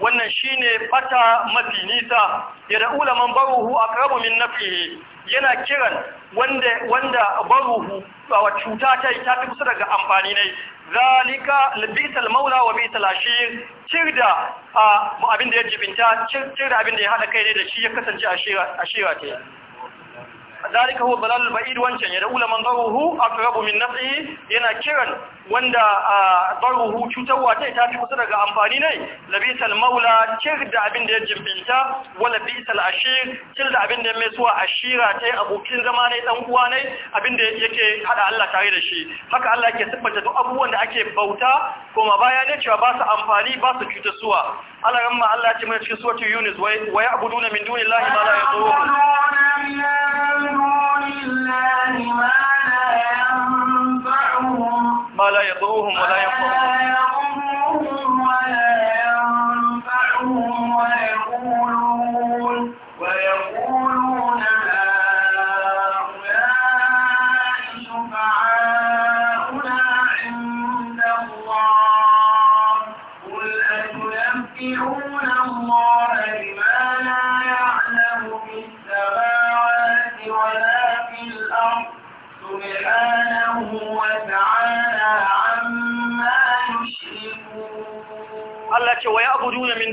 wannan shine fata mafi nisa ya ulaman baruhu aqrabu min nafihi yana kiran wanda wanda baruhu a cuta ta yi ta fi kusa daga amfani ne zalika labisal maula wa talashir cir da abin da ya jibinta da abin da ya haɗa kai ne da shi ya kasance a shira ta zalika huwa dalalul ba'id wancan ya da'ula man daruhu aqrabu min naf'ihi yana kiran wanda cutar cutarwa ta tafi kusa daga amfani ne labisal maula kir da abin da ya jimbinta wala bisal ashir kir da abin da ya mai suwa ashira ta abokin zama ne dan uwa ne abin da yake hada Allah tare da shi haka Allah yake siffanta duk abubuwan da ake bauta kuma baya ne cewa ba su amfani ba su cutar suwa Allah ramma Allah ya ce mai cikin suratul yunus wa ya'buduna min dunillahi ma la yadurruhum ما لا ينفعهم ما لا يضرهم ولا ينفعهم ولا ينفعهم ولا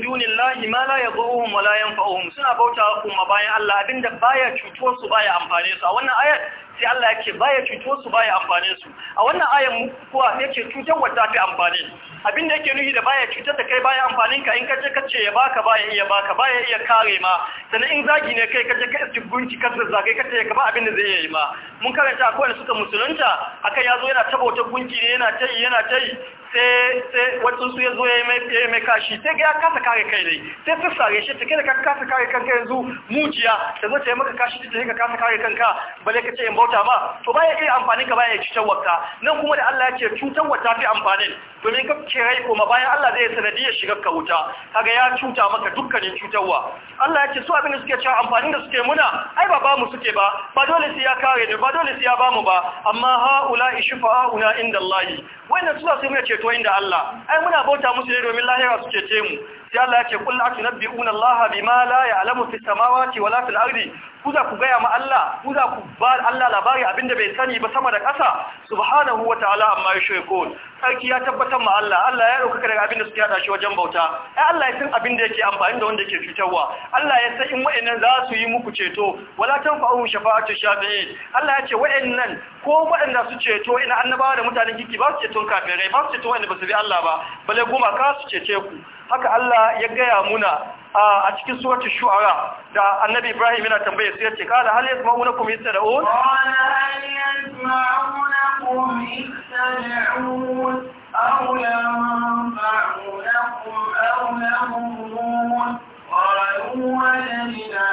dunillahi ma la yadhurruhum wa la yanfa'uhum suna bauta kuma bayan Allah abinda baya cutuwar su baya amfane su a wannan ayat sai Allah yake ya cuto su ya amfane su a wannan ayan kuwa yake cutar wadda fi amfane abin da yake nuhi da baya cutar da kai baya amfanin ka in ka je ba ya baka baya iya baka baya iya kare ma sannan in zagi ne kai ka je ka tsibunci ka zagai kace ya gaba abin da zai yi ma mun karanta akwai wanda suka musulunta akan yazo yana wata gunki ne yana tai yana tai sai waɗansu ya zo ya yi mai kashi sai ga ya kasa kare kai ne sai ta sare shi take da ka kasa kare kanka yanzu mujiya ta zo ta yi maka kashi ta ka kasa kare kanka bale ka ce in ba bauta ma to baya iya amfani ka baya cutar wata, nan kuma da Allah ya ce cutar wata fi amfanin domin ka ce rai kuma bayan Allah zai sanadiyar shiga ka wuta kaga ya cuta maka dukkanin cutarwa Allah ya ce su abin da suke cewa amfani da suke muna ai ba ba mu suke ba ba dole sai ya kare ne ba dole sai ya ba mu ba amma haula una inda Allah na su sai su ce ceto inda Allah ai muna bauta musu ne domin lahira suke ce mu sai Allah ya ce kullu atunabbi'una Allah bima la ya'lamu fi samawati wala fil ardi ku ku gaya ma Allah ku ku ba Allah labari abinda bai sani ba sama da ƙasa subhanahu wa ta'ala amma ya yushrikun sarki ya tabbatar ma Allah Allah ya dauka daga abinda suke hada shi wajen bauta ai Allah ya san abinda yake amfani da wanda yake cutarwa Allah ya san in wa'annan za su yi muku ceto wala tanfa'u shafa'atu shafi'i Allah ya ce wa'annan ko waɗanda su ceto ina annabawa da mutanen kiki ba su ceton kafirai ba su ceto wanda ba su bi Allah ba bale goma ka su cece ku haka Allah ya gaya muna a cikin suratul shu'ara da annabi Ibrahim yana tambaye su yace kala hal yasma'unakum yastad'un qala hal yasma'unakum yastad'un aw yanfa'unakum aw yadurrun qalu wajadna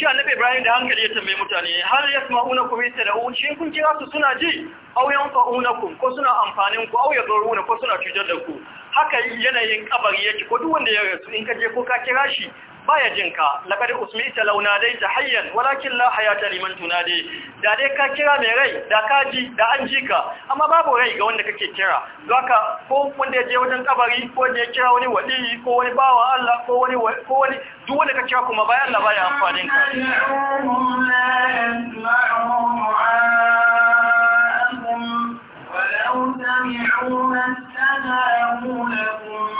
shi annabi Ibrahim da hankali ya tambaye mutane har yasma'unakum yatad'un shin kun kira su suna ji aw yanfa'unakum ko suna amfanin ku aw yaduruna ko suna cutar da ku haka yanayin kabari yake ko duk wanda ya rasu in ka je ko ka kira shi baya jinka, ka laqad usmita law nadaita hayyan walakin la hayata liman tunadi da dai ka kira mai rai da ka ji da an ji ka amma babu rai ga wanda kake kira haka ko wanda ya je wajen kabari ko wanda ya kira wani wali ko wani bawa Allah ko wani ko wani duk wanda ka kira kuma bayan Allah baya amfanin ka ولو سمعوا ما استجابوا لكم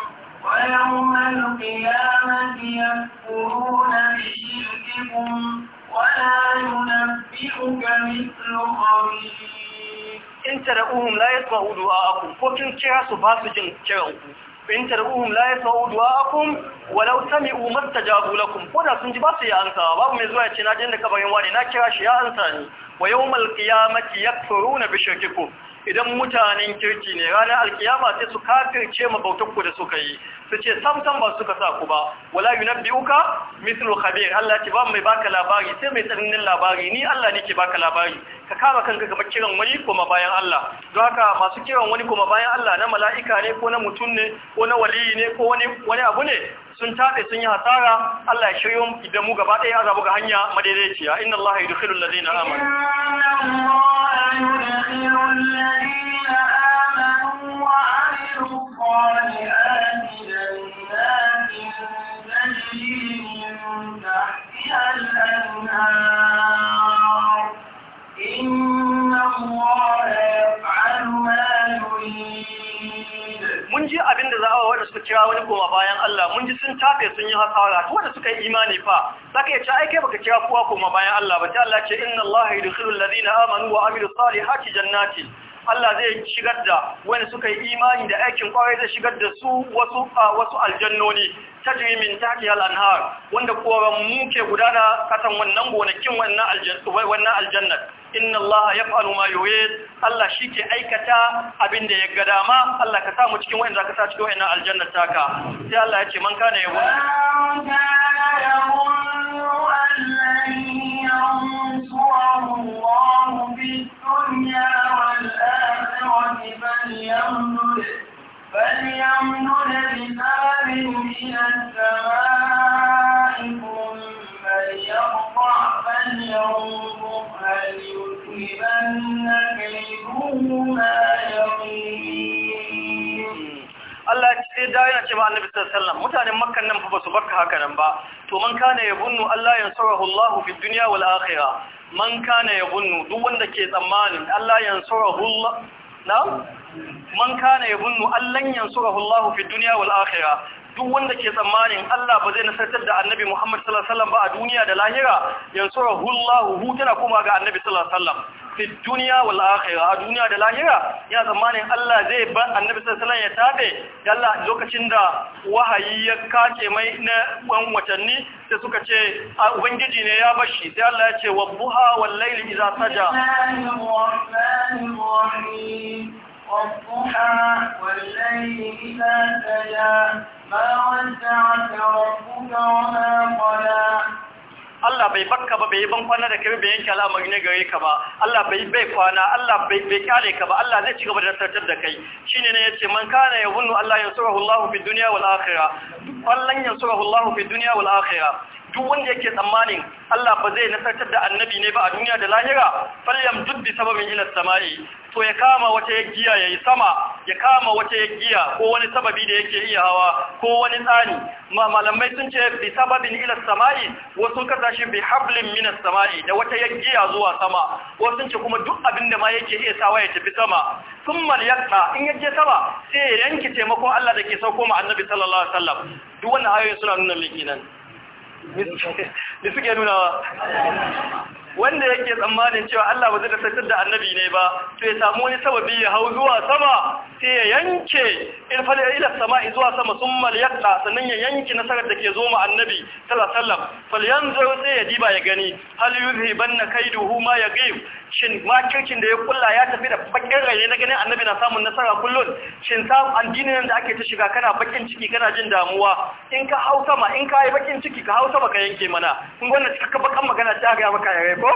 ويوم القيامة يكفرون بشرككم ولا ينبئك مثل خبير إن ترأوهم لا يسمعوا دعاءكم فكن كرسوا باسجن كرأوكم in tarbuhum la yasma'u du'a'akum walau sami'u mastajabu lakum ko da sun ji ba su ya ansa babu mai zuwa ya ce na jin da kabarin wani na kira shi ya ansa ni wa yawmal qiyamati yakfuruna bi shirkikum idan mutanen kirki ne ranar alkiyama sai su kafirce mabautanku da suka yi su ce samsan ba suka sa ku ba wala yunabbi uka mislu khabir Allah ki ba mai baka labari sai mai tsananin labari ni Allah ne ke baka labari ka kama kanka kamar kiran wani kuma bayan Allah don haka masu kiran wani kuma bayan Allah na mala'ika ne ko na mutum ne ko na waliyi ne ko wani abu ne sun tabe sun yi hasara Allah ya shiryo mu idan mu gaba daya azabu ga hanya madaidaiciya inna Allah yudkhilul ladina amanu inna Allah yudkhilul ladina amanu mun ji abin da za'awa wanda suka kira wani koma bayan Allah mun ji sun tafe sun yi hasara to wanda suka yi imani fa zaka yace ai kai baka kira kowa koma bayan Allah ba ta Allah ce inna Allah yudkhilul ladina amanu wa amilu salihati jannatin Allah zai shigar da wani suka yi imani da aikin kwarai zai shigar da su wasu wasu aljannoni tajri min tahtiha al-anhar wanda koran mu ke gudana kasan wannan gonakin wannan aljanna wannan aljannat inna Allah yaf'alu ma yurid Allah shike aikata abinda ya ga dama Allah ka samu mu cikin wanda ka sa cikin wannan aljannat taka sai Allah ya ce man kana yabu ce ba annabi sallallahu alaihi wasallam mutanen makkan nan ba su barka haka nan ba to man kana yabunnu Allah yansurahu Allah fi dunya wal akhirah man kana yabunnu duk wanda ke tsammanin Allah yansurahu Allah na'am man kana yabunnu Allah yansurahu Allah fi dunya wal akhirah duk wanda ke tsammanin Allah ba zai nasartar da Annabi Muhammad sallallahu alaihi wasallam ba a duniya da lahira yansurahu Allah hu tana kuma ga Annabi sallallahu alaihi wasallam fi duniya wal akhirah a duniya da lahira yana tsammanin Allah zai bar annabi sallallahu alaihi wasallam ya tabe Allah lokacin da wahayi ya kake mai na wan watanni sai suka ce ubangiji ne ya bashi sai Allah ya ce wa buha wal layli idza saja والضحى والليل Allah bai bakka ba bai ban kwana da kai bai yanke al'amari ne gare ka ba Allah bai bai kwana Allah bai bai kare ka ba Allah zai ci gaba da tartar da kai shine ne yace man kana yahunnu Allah yansurahu Allah fi dunya wal akhirah wallan yansurahu Allah fi dunya wal akhirah duk wanda yake tsammanin Allah ba zai nasartar da annabi ne ba a duniya da lahira falyam dubbi sababin ila samai to ya kama wata ya giya yayi sama ya kama wata giya ko wani sababi da yake iya hawa ko wani tsani malamai sun ce bi sababin ila samai wasu kasashe bi hablin minas samai da wata giya zuwa sama wasu ce kuma duk abin da ma yake iya sawa ya tafi sama sun malyakta in yaje sama sai ya yanki taimakon Allah da ke sauko ma annabi sallallahu alaihi wasallam duk wannan ayoyin suna nuna mai kenan ne suke nuna wanda yake tsammanin cewa Allah ba zai dakatar da annabi ne ba to ya samu wani sababi ya hau zuwa sama sai ya yanke in fa ila sama zuwa sama sun yaqta sannan ya yanke nasarar da ke zo ma annabi sallallahu alaihi wasallam falyanzur sai ya diba ya gani hal yuzhibanna kaiduhu ma yaghib shin kirkin da ya kulla ya tafi da bakin rai na ganin annabi na samun nasara kullun shin sam addinin da ake ta shiga kana bakin ciki kana jin damuwa in ka hau sama in ka yi bakin ciki ka hau sama ka yanke mana in gwanda ka bakan magana ta ga maka ya ko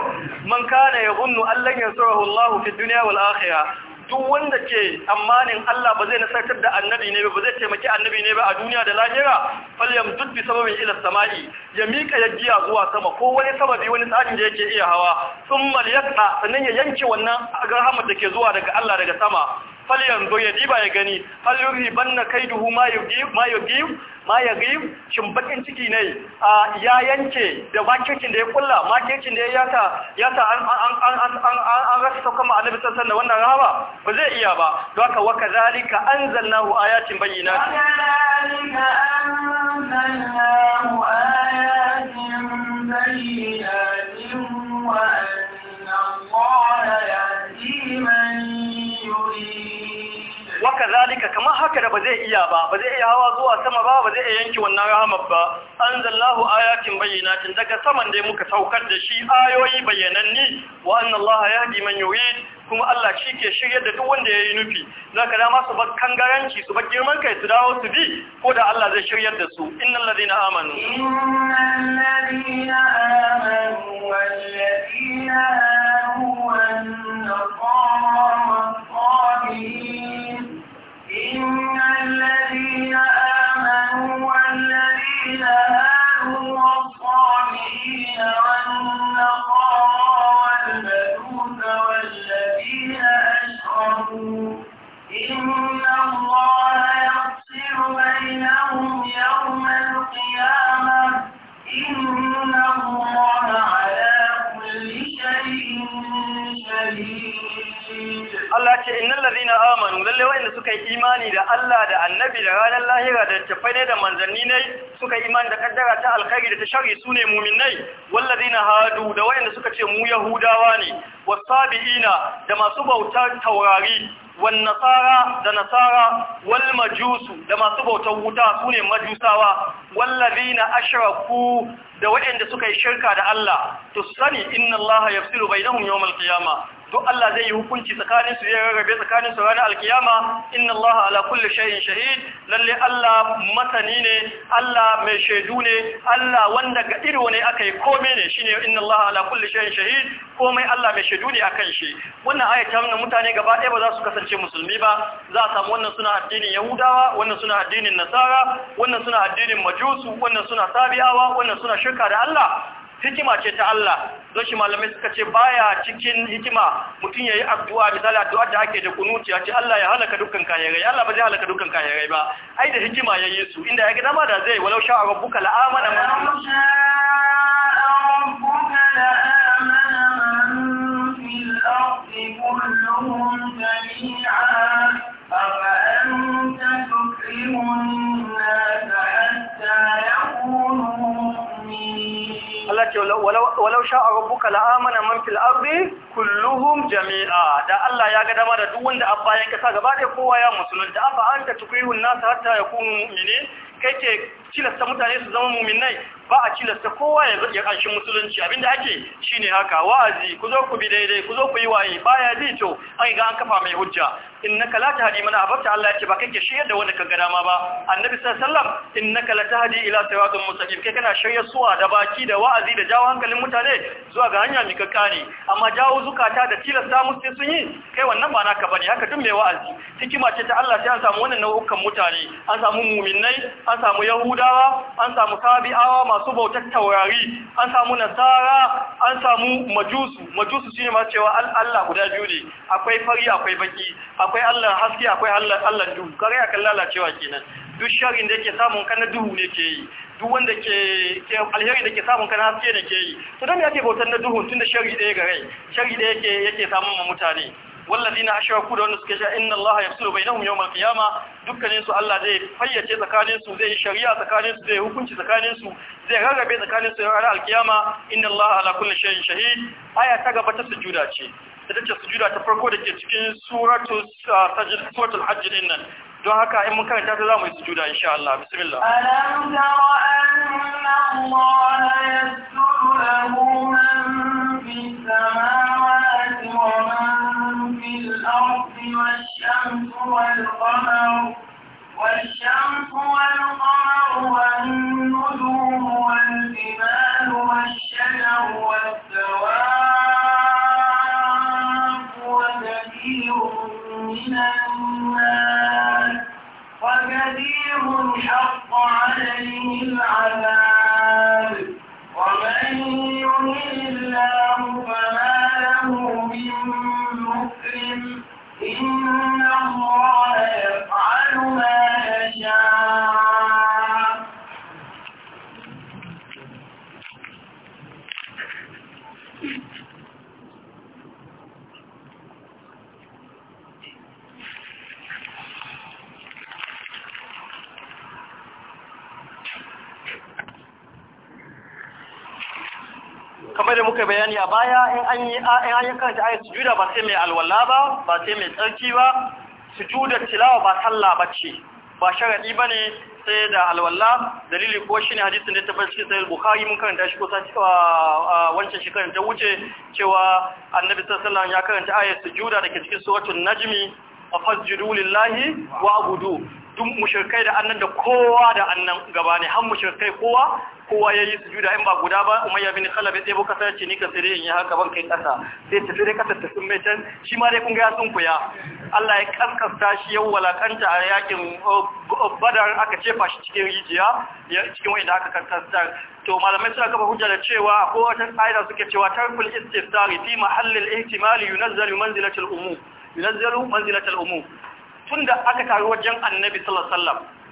man kana Allah allan yansurahu Allah fi dunya wal akhirah duk wanda ke amanin Allah ba zai nasartar da annabi ne ba zai taimaki annabi ne ba a duniya da lahira falyam bi sababin ila samai ya mika yajiya zuwa sama ko wani sababi wani tsarin da yake iya hawa thumma yaqa sannan ya yanke wannan rahamar da ke zuwa daga Allah daga sama fal yanzu ya diba ya gani hal yuri banna kaiduhu ma yugib ma yugib ma yagib shin bakin ciki ne a ya yanke da makircin da ya kulla makircin da ya yasa yasa an an an an an an rasa sauka ma annabi sallallahu alaihi wannan rahama ba zai iya ba don haka wa kadhalika anzalnahu ayatin bayyinatin wa kadhalika anzalnahu ayatin bayyinatin kazalika kamar haka da ba zai iya ba ba zai iya hawa zuwa sama ba ba zai iya yanki wannan rahamar ba anzalallahu ayatin bayyinatin daga saman dai muka saukar da shi ayoyi bayyananni wa annallaha yahdi man yurid kuma Allah shi ke shirya da duk wanda yayi nufi zaka dama su bar kangaranci su bar girman kai su dawo su bi ko da Allah zai shiryar da su innal ladina amanu innal ladina amanu wal ladina lalle wanda suka yi imani da Allah da annabi da ranar lahira da tafai ne da manzanni ne suka yi imani da kaddara ta alkhairi da ta shari su ne muminai na hadu da wanda suka ce mu yahudawa ne wasabiina da masu bautar taurari wan nasara da nasara wal majusu da masu bautar wuta su ne majusawa wallazina ashraku da wanda suka yi shirka da Allah to sani inna Allah yafsilu bainahum yawmal qiyamah to Allah zai yi hukunci tsakanin su ya rarrabe tsakanin su ranar alkiyama inna Allah ala kulli shay'in shahid lalle Allah masani ne Allah mai shaidu ne Allah wanda ga irwo ne aka yi komai ne shine inna Allah ala kulli shay'in shahid komai Allah mai shaidu ne akan shi wannan aya ta nuna mutane gaba ɗaya ba za su kasance musulmi ba za a samu wannan suna addinin Yahudawa wannan suna addinin Nasara wannan suna addinin Majusu wannan suna Sabiyawa, wannan suna shirka da Allah hikima ce ta Allah don shi malamai suka ce baya cikin hikima mutum ya yi addu'a misali addu'a da ake da kunuci a ce Allah ya halaka dukkan kayarai Allah ba zai halaka dukkan kayarai ba ai da hikima ya yi su inda ya ga ma da zai walau sha'a rabbuka la'amana man كلهم Allah a walau sha'a rabbuka la'amana man fil ardi jami'a da Allah ya ga da duk wanda abba ya kasa gaba da kowa ya musulunta afa anta tukrihu an-nas ya yakunu mu'minin kai ke cilasta mutane su zama muminai ba a cilasta kowa ya ya ƙarshen musulunci abinda ake ne haka wa'azi ku zo ku bi daidai ku zo ku yi waye baya zai to an ga an kafa mai hujja innaka la hadi mana abarta Allah ya ce ba kake shirya da wanda ka gada ma ba annabi sallallahu alaihi wasallam innaka la hadi ila siratin mustaqim kai kana shirya suwa da baki da wa'azi da jawo hankalin mutane zuwa ga hanya mai kare amma jawo zukata da tilasta musu sun yi kai wannan ba naka bane haka duk mai wa'azi hikima ce ta Allah sai an samu wannan nau'ukan mutane an samu muminai an samu yahudawa an samu kabi'awa masu bautar taurari an samu nasara an samu majusu majusu shine ma cewa Allah guda biyu ne akwai fari akwai baki akwai Allah haske akwai Allah Allah duhu kare akan lalacewa kenan duk sharrin da yake samun kana duhu ne ke yi duk wanda ke ke alheri da ke samun kana haske ne ke yi to dan yake bautar na duhu tunda sharri ɗaya ga rai sharri ɗaya yake yake samun mutane والذين أشركوا دون سكجا إن الله يفصل بينهم يوم القيامة دكانين سو الله زي فيتي تكانين سو زي شريعة تكانين سو hukunci tsakanin su zai زي tsakanin su سو alkiyama القيامة إن الله على كل شيء شهيد آية تغبت da ita ce sujuda ta farko da ke cikin suratul sajid suratul hajj din nan don haka in mun karanta ta zamu yi sujuda insha Allah bismillah alam tara anna allaha yasjudu lahu man samawati wa man والأرض والشمس والقمر والشمس والقمر والنجوم والجبال والشجر والدواب وكثير من الناس وكثير حق عليه العذاب ومن يهن الله فما له من مسلم إن الله يفعل ما يشاء kamar da muka bayani a baya in an yi an yi sujuda ba sai mai alwala ba ba sai mai tsarki ba sujuda tilawa ba sallah bace ba sharadi ne sai da alwala dalili ko ne hadisin da ta cikin sai bukari mun karanta shi ko a wancan shekaran ta wuce cewa annabi sallallahu ya karanta ayat sujuda da ke cikin suratul najmi fasjudu lillahi wa abudu duk mushrikai da annan da kowa da annan gaba ne har mushrikai kowa kowa ya yi sujuda in ba guda ba umayya bin khalab sai buka sai ce ni ka tsire in yi haka ban kai kasa sai tafi dai kasa ta sun shi ma dai kun ga ya sun kuya Allah ya kaskasta shi yau walakanta a yakin uh, badar aka ce fashi cikin rijiya cikin wanda aka kaskasta to malamai suna kafa hujja da cewa ko wata aida suke cewa tarkul istiftari fi mahallil ihtimali yunazzalu manzilatul umum yunazzalu manzilatul umum tunda aka karu wajen annabi sallallahu alaihi wasallam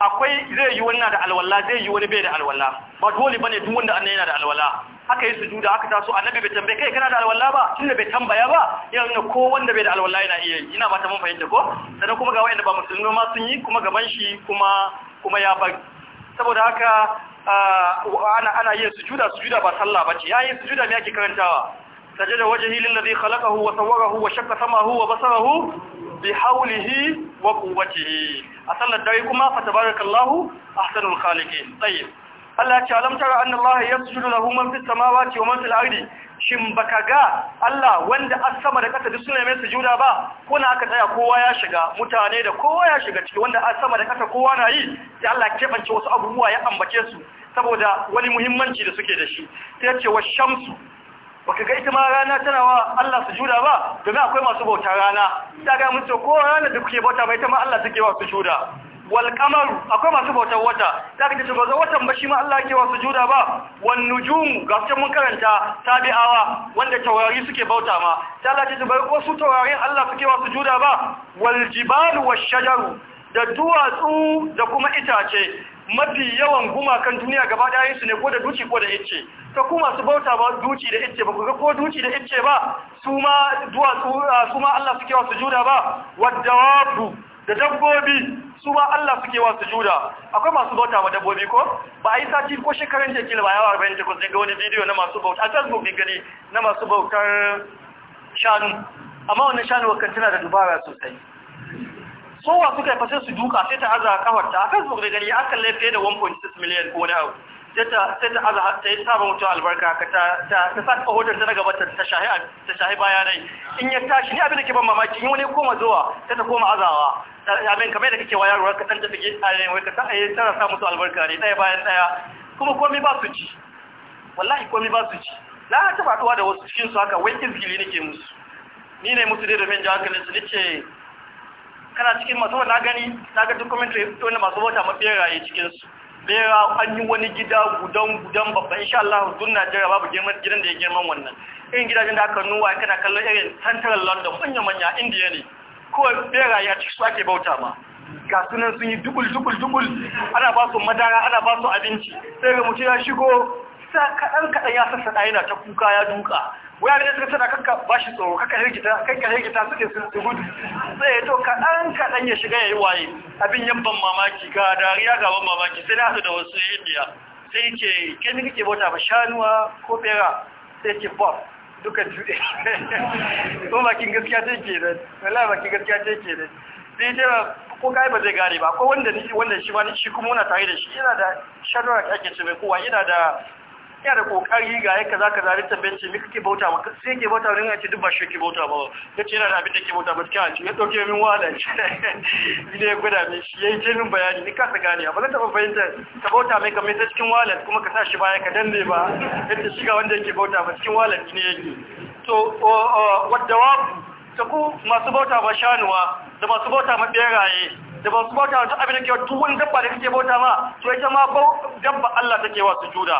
akwai zai yi wani da alwala zai yi wani bai da alwala ba dole bane duk wanda annai yana da alwala aka yi sujuda aka taso annabi bai tambaye kai kana da alwala ba tunda bai tambaya ba yana nuna ko wanda bai da alwala yana iya yi ina ba ta mun fahimta ko sannan kuma ga wanda ba musulmi ma sun yi kuma gaban shi kuma kuma ya bari saboda haka ah, ana ana yin sujuda sujuda ba sallah bace yayin sujuda me ake karantawa سجد وجهي للذي خلقه وصوره وشق سمعه وبصره بحوله وقوته أصلى الدريكما فتبارك الله أحسن الخالقين طيب Allah ce alam tara anna Allah yasjudu lahu man fis samawati wa man shin baka ga Allah wanda as sama da kasa duk suna mai sujuda ba ko na aka tsaya kowa ya shiga mutane da kowa ya shiga ciki wanda asama sama da kasa kowa na yi sai Allah ya kebance wasu abubuwa ya ambace su saboda wani muhimmanci da suke da shi sai ya ce wa shamsu baka ga ita ma rana tana wa Allah sujuda ba domin akwai masu bauta rana ta ga mun ce ko rana da kuke bauta mai ta ma Allah take wa sujuda wal qamar akwai masu bautar wata ta ga cewa ga watan ba shi ma Allah yake wa sujuda ba wan nujum ga cikin mun karanta tabi'awa wanda taurari suke bauta ma ta Allah ce bar ko su taurarin Allah suke wa sujuda ba wal jibalu wash shajaru da duwatsu da kuma itace mafi yawan gumakan duniya gaba ɗayan su ne ko da duci ko da icce ta kuma su bauta ba duci da icce ba ku ga ko duci da icce ba su ma duwatsu su ma Allah suke wa sujuda ba waddawabu da dabbobi su ma Allah suke wa sujuda akwai masu bauta ma dabbobi ko ba a yi sati ko shekaran jekil ba yawa bayan jikin sai ga wani bidiyo na masu bauta a Facebook ne gani na masu bautar shanu amma wannan shanu wakan da dubara sosai sowa suka yi fashe su duka sai ta aza kawarta a facebook da gani aka kalle da 1.6 miliyan ko wani abu sai ta aza ta yi sabon mutu albarka ka ta sa ta hodar ta gaba ta shahi bayanai in ya tashi ni abin da ke ban mamaki in wani koma zuwa sai ta koma azawa abin kamar da kake wayarwa ka san ta fige eh, wai ka a ayi eh, tara sa mutu albarka ne ɗaya bayan ɗaya kuma komi ba su ci wallahi komi ba su ci na ta faɗuwa da wasu cikin su haka wai izgili nake musu ni ne musu dai domin ji hankalin su nace kana cikin masu na gani na ga fito wanda masu bauta maberaye cikinsu bera an yi wani gida gudan gudan babban insha Allah zuwa Najeriya babu girman gidan da ya girman wannan irin gidajen da aka nuwa kana kallon irin central London manya manya India ne kawai bera ya ci su ake bauta ma ga sunan sun yi dubul dubul dubul ana ba su madara ana ba su abinci sai ga mutum ya shigo sa kaɗan kaɗan ya sassa da yana ta kuka ya duka waya da suka tana kanka ba shi tsoro kaka hirgita kanka hirgita suke sun su gudu sai to kaɗan kaɗan ya shiga ya yi waye abin yabban mamaki ga dariya ga ban mamaki sai na da wasu indiya sai ce ke ni kike bauta ba shanuwa ko bera sai ce bob duka juɗe ko bakin gaskiya take ke nan wallahi bakin gaskiya take ke sai ce ko kai ba zai gare ba ko wanda ni wanda shi ba ni shi kuma muna tare da shi yana da shanuwa da ake ce mai kowa yana da ya da kokari ga yake zaka zare tambayar ce me kake bauta ba sai ke bauta ne yace duk ba shi ke bauta ba yace yana da abin da ke bauta ba kika ce ya dauke min wada shi ne ya gwada min shi yayi jinin bayani ni kasa gane ba zan ba fahimta ka bauta mai kamar ta cikin wallet kuma ka sa shi baya ka danne ba yadda shiga wanda yake bauta ba cikin wallet ne yake to wadda wa ta ku masu bauta ba shanuwa da masu bauta ma beraye da masu bauta wata abin da ke wata wani dabba da kake bauta ma to ita ma dabba Allah take wa juda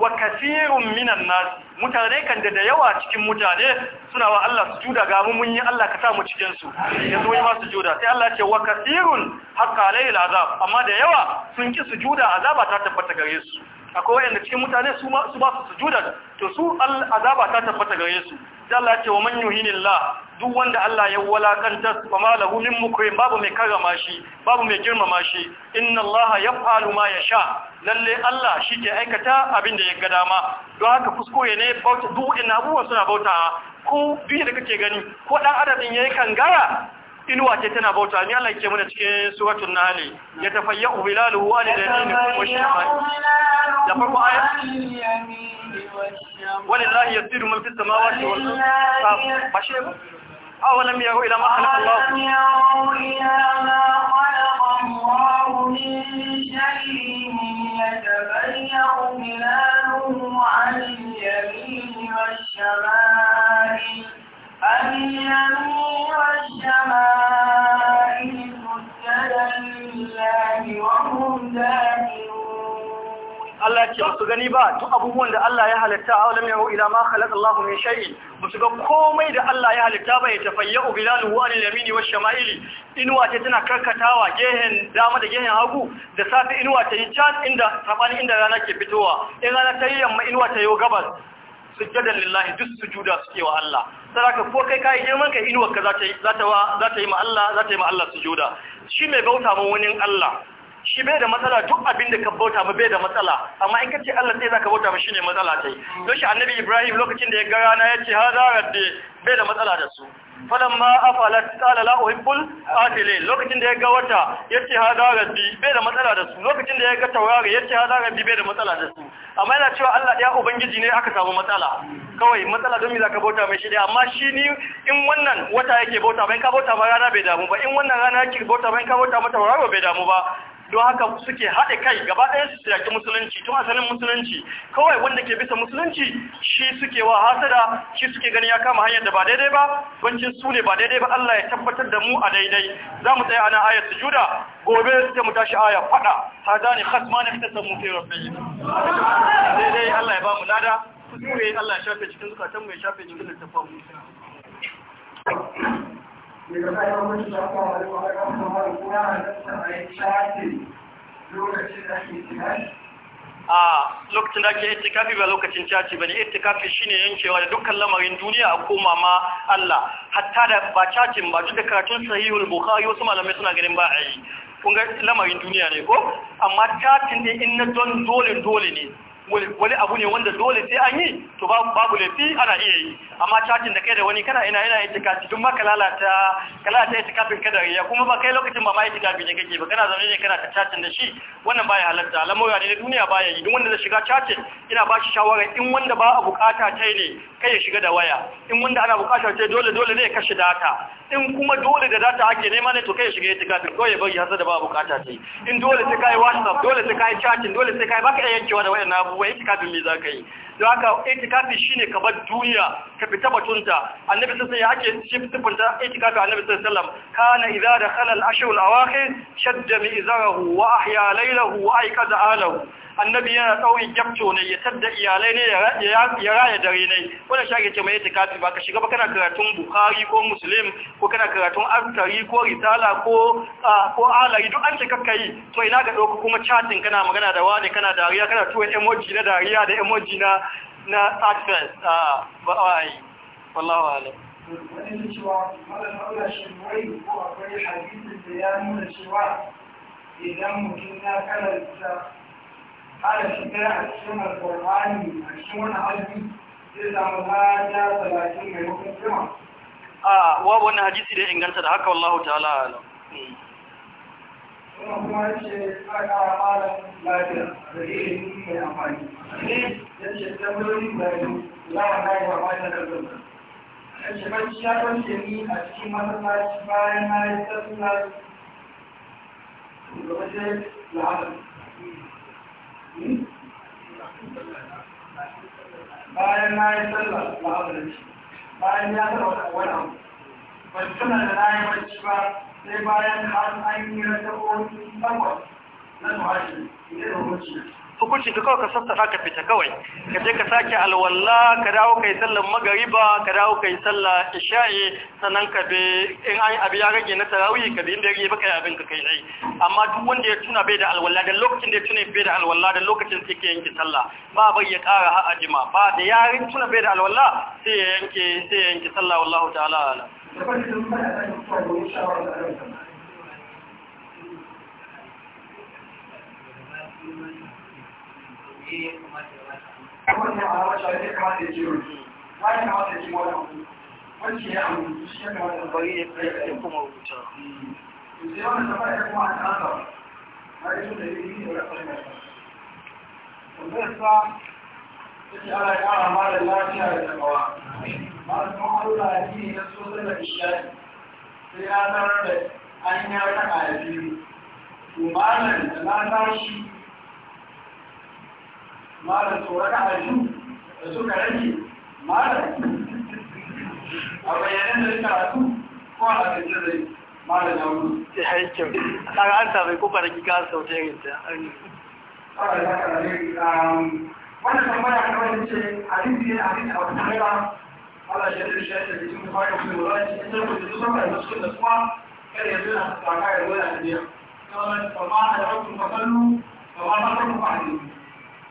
wa kasirun minan nas mutane kan da yawa cikin mutane suna wa Allah sujuda ga mu mun yi Allah ka sa mu cikin su yanzu yi ma sujuda sai Allah ce wa kasirun haqa alayhi azab amma da yawa sun ki sujuda azaba ta tabbata gare su akwai wanda cikin mutane su ba su sujuda to su azaba ta tabbata gare su sai Allah ce wa man yuhinillah duk wanda Allah ya walakanta fa malahu min mukrim babu mai karama shi babu mai girmama shi inna Allah yaf'alu ma yasha lalle Allah shi ke aikata abin da ya ga dama don haka kuskure ne bauta duk ina abuwa suna bauta ko duk da kake gani ko dan adadin yayi kangara inuwa ce tana bauta ni Allah yake mana cikin suratul nahl ya tafayyu bilalu wa yamini wa shimal da farko aya wallahi yasiru man samawati wal ardh ah, ba أولم يروا إلى ما خلق الله أولم يروا إلى ما خلق الله من شيء يتبين ظلاله عن اليمين والشمائل عن اليمين والشمال مسجدا لله وهم داخلون Allah ya ce ba su gani ba duk abubuwan da Allah ya halitta a wani yahu ila ma khalaqa Allah min shai ba su ga komai da Allah ya halitta ba ya tafayyu bilalu wa anil yamini wa shama'ili inuwa ce tana karkatawa gehen dama da gehen hagu da safi inuwa ta yi can inda sabani inda rana ke fitowa in rana ta yi yamma inuwa ta yi gabas sujjadan lillahi duk sujuda suke wa Allah saraka ko kai kai girman kai inuwa ka za ta yi za ta yi ma Allah za ta yi ma Allah sujuda shi mai bauta mun wani Allah shi bai da matsala duk abin da ka bauta ma bai da matsala amma in ka ce Allah sai zaka bauta ma shine matsala tai don shi annabi Ibrahim lokacin da ya ga rana ya ce hada radde bai da matsala da su falamma afalat qala la uhibbul afile lokacin da ya ga wata ya ce hada raddi bai da matsala da su lokacin da ya ga taurari ya ce hada raddi bai da matsala da su amma yana cewa Allah ya ubangiji ne aka samu matsala kawai matsala don me zaka bauta mai shi dai amma shi ni in wannan wata yake bauta ba in ka bauta ma rana bai damu ba in wannan rana yake bauta ba in ka bauta ma rana bai damu ba don haka suke haɗe kai gaba ɗaya su yaƙi musulunci tun asalin musulunci kawai wanda ke bisa musulunci shi suke wa hasada shi suke gani ya kama hanyar da ba daidai ba bancin su ne ba daidai ba Allah ya tabbatar da mu a daidai za mu tsaya ana ayar sujuda gobe sai mu tashi aya faɗa hadani khasmani tasamu fi rabbihim daidai Allah ya ba mu lada Allah ya shafe cikin zukatan mu ya shafe cikin littafin a lokacin da ake itikafi ba lokacin caci ba ne itikafi shine yankewa da dukkan lamarin duniya a koma ma Allah hatta da ba cacin ba duk da karatun sahihul bukhari wasu malamai suna ganin ba a yi kun lamarin duniya ne ko amma cacin ne in na don dole dole ne wani abu ne wanda dole sai an yi to babu laifi ana iya yi amma cajin da kai da wani kana ina ina itikafi cikin ma ka lalata ka lalata itikafin ka da kuma ba kai lokacin ba ma itikafi ne kake ba kana zama ne kana ta cajin da shi wannan baya halatta lamura ne duniya baya yi duk wanda zai shiga cajin ina ba shi shawara in wanda ba a bukata ta ne kai ya shiga da waya in wanda ana bukata ta dole dole ne ya kashe data in kuma dole da data ake nema ne to kai ya shiga bin ko ya bari hasa da ba a bukata ta in dole sai kai whatsapp dole sai kai cajin dole sai kai baka yankewa da na abu wa itikafin me za ka yi don haka itikafi shine ka bar duniya ka fita batunta annabi sallallahu alaihi wasallam yake shi tufunta itikafi annabi sallallahu alaihi wasallam kana iza da al ashirin al-awakhir shadda mi izarahu wa ahya laylahu wa da alahu annabi yana tsawon gyamco ne ya tadda iyalai ne ya raya dare ne wadda shi ake ce mai kafi ba ka shiga ba kana karatun bukari ko musulim ko kana karatun azkari ko risala ko alari duk an ce kakka yi to ina ga ɗauka kuma chatin kana magana da wani kana dariya kana tuwa emoji na dariya da emoji na na sadfest a ba'ai wallahu alam wani cewa malam wai ko akwai da ya nuna cewa idan mutum ya karanta على الشتاء الشمع القرآني الشمع العربي إذا ما جاء ثلاثين من وقت الجمعة آه وابو أن حديثي ده إن قلت هكا والله تعالى أعلم kuma yace ba kara malam lafiya da ilimi mai amfani ne yace tambayoyi da yau za a kai wa mata da zuwa yace bacci ya kwance ni a cikin masallaci bayan na yi sallah da wajen lahalar bayan na yi sallah ba a barci bayan ya taɓa wani abu ba tuna da na yi barci ba sai bayan har an yi rasa ƙoƙi takwas na tuhashi ne da hukunci hukunci ka kawai ka sassafa ka fita kawai ka je ka sake alwalla ka dawo kai sallar magariba ka dawo kai sallar isha'i sannan ka bi in an abi ya rage na tarawih ka bi inda rage baka abin ka kai dai amma duk wanda ya tuna bai da alwalla da lokacin da ya tuna bai da alwalla da lokacin sai ke yanke sallah ba bai ya kara ha ajima ba da ya tuna bai da alwalla sai ya yanke sai ya yanke sallah wallahu ta'ala ala 我今天晚上吃了一碗面筋，晚上吃一碗我，筋，晚一碗面筋，今一碗面筋，中嗯，今天晚上一嗯，今天晚上吃一碗面筋，晚上的，一碗面筋，晚上吃一碗面一碗面筋，晚上吃一碗面筋，晚上吃一碗面筋。嗯，今天晚 malam tsoron hajji da suka rage malam a bayanan da karatu ko a hajjin da malam ya wuce. Ta haikyo, kaga an sami kuka da kika sau ta yin ta. Wannan tambaya kawai ce a rinjiye a rinjiye a wata kamera Allah ya rinjiye da jikin kwaya kuma wani cikin sarki da zuwa da su da kuma kada ya zuna tsakayar wani a jiya. Kama da rabu makallu, kama da rabu mahalli.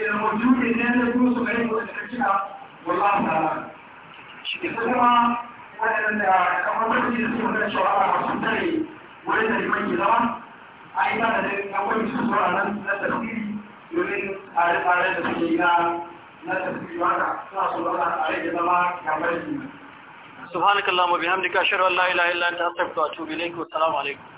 الموجود الذي يدرس عليه الأشياء والله تعالى كما كما تجد سورة الشعراء والسنتري ولد لمن يدرى أيضا أول سورة نتفكير يريد على على تفكيرنا نتفكير وانا نصر الله عليه جماعة كامل سبحانك اللهم وبحمدك اشهد ان لا اله الا انت استغفرك واتوب اليك والسلام عليكم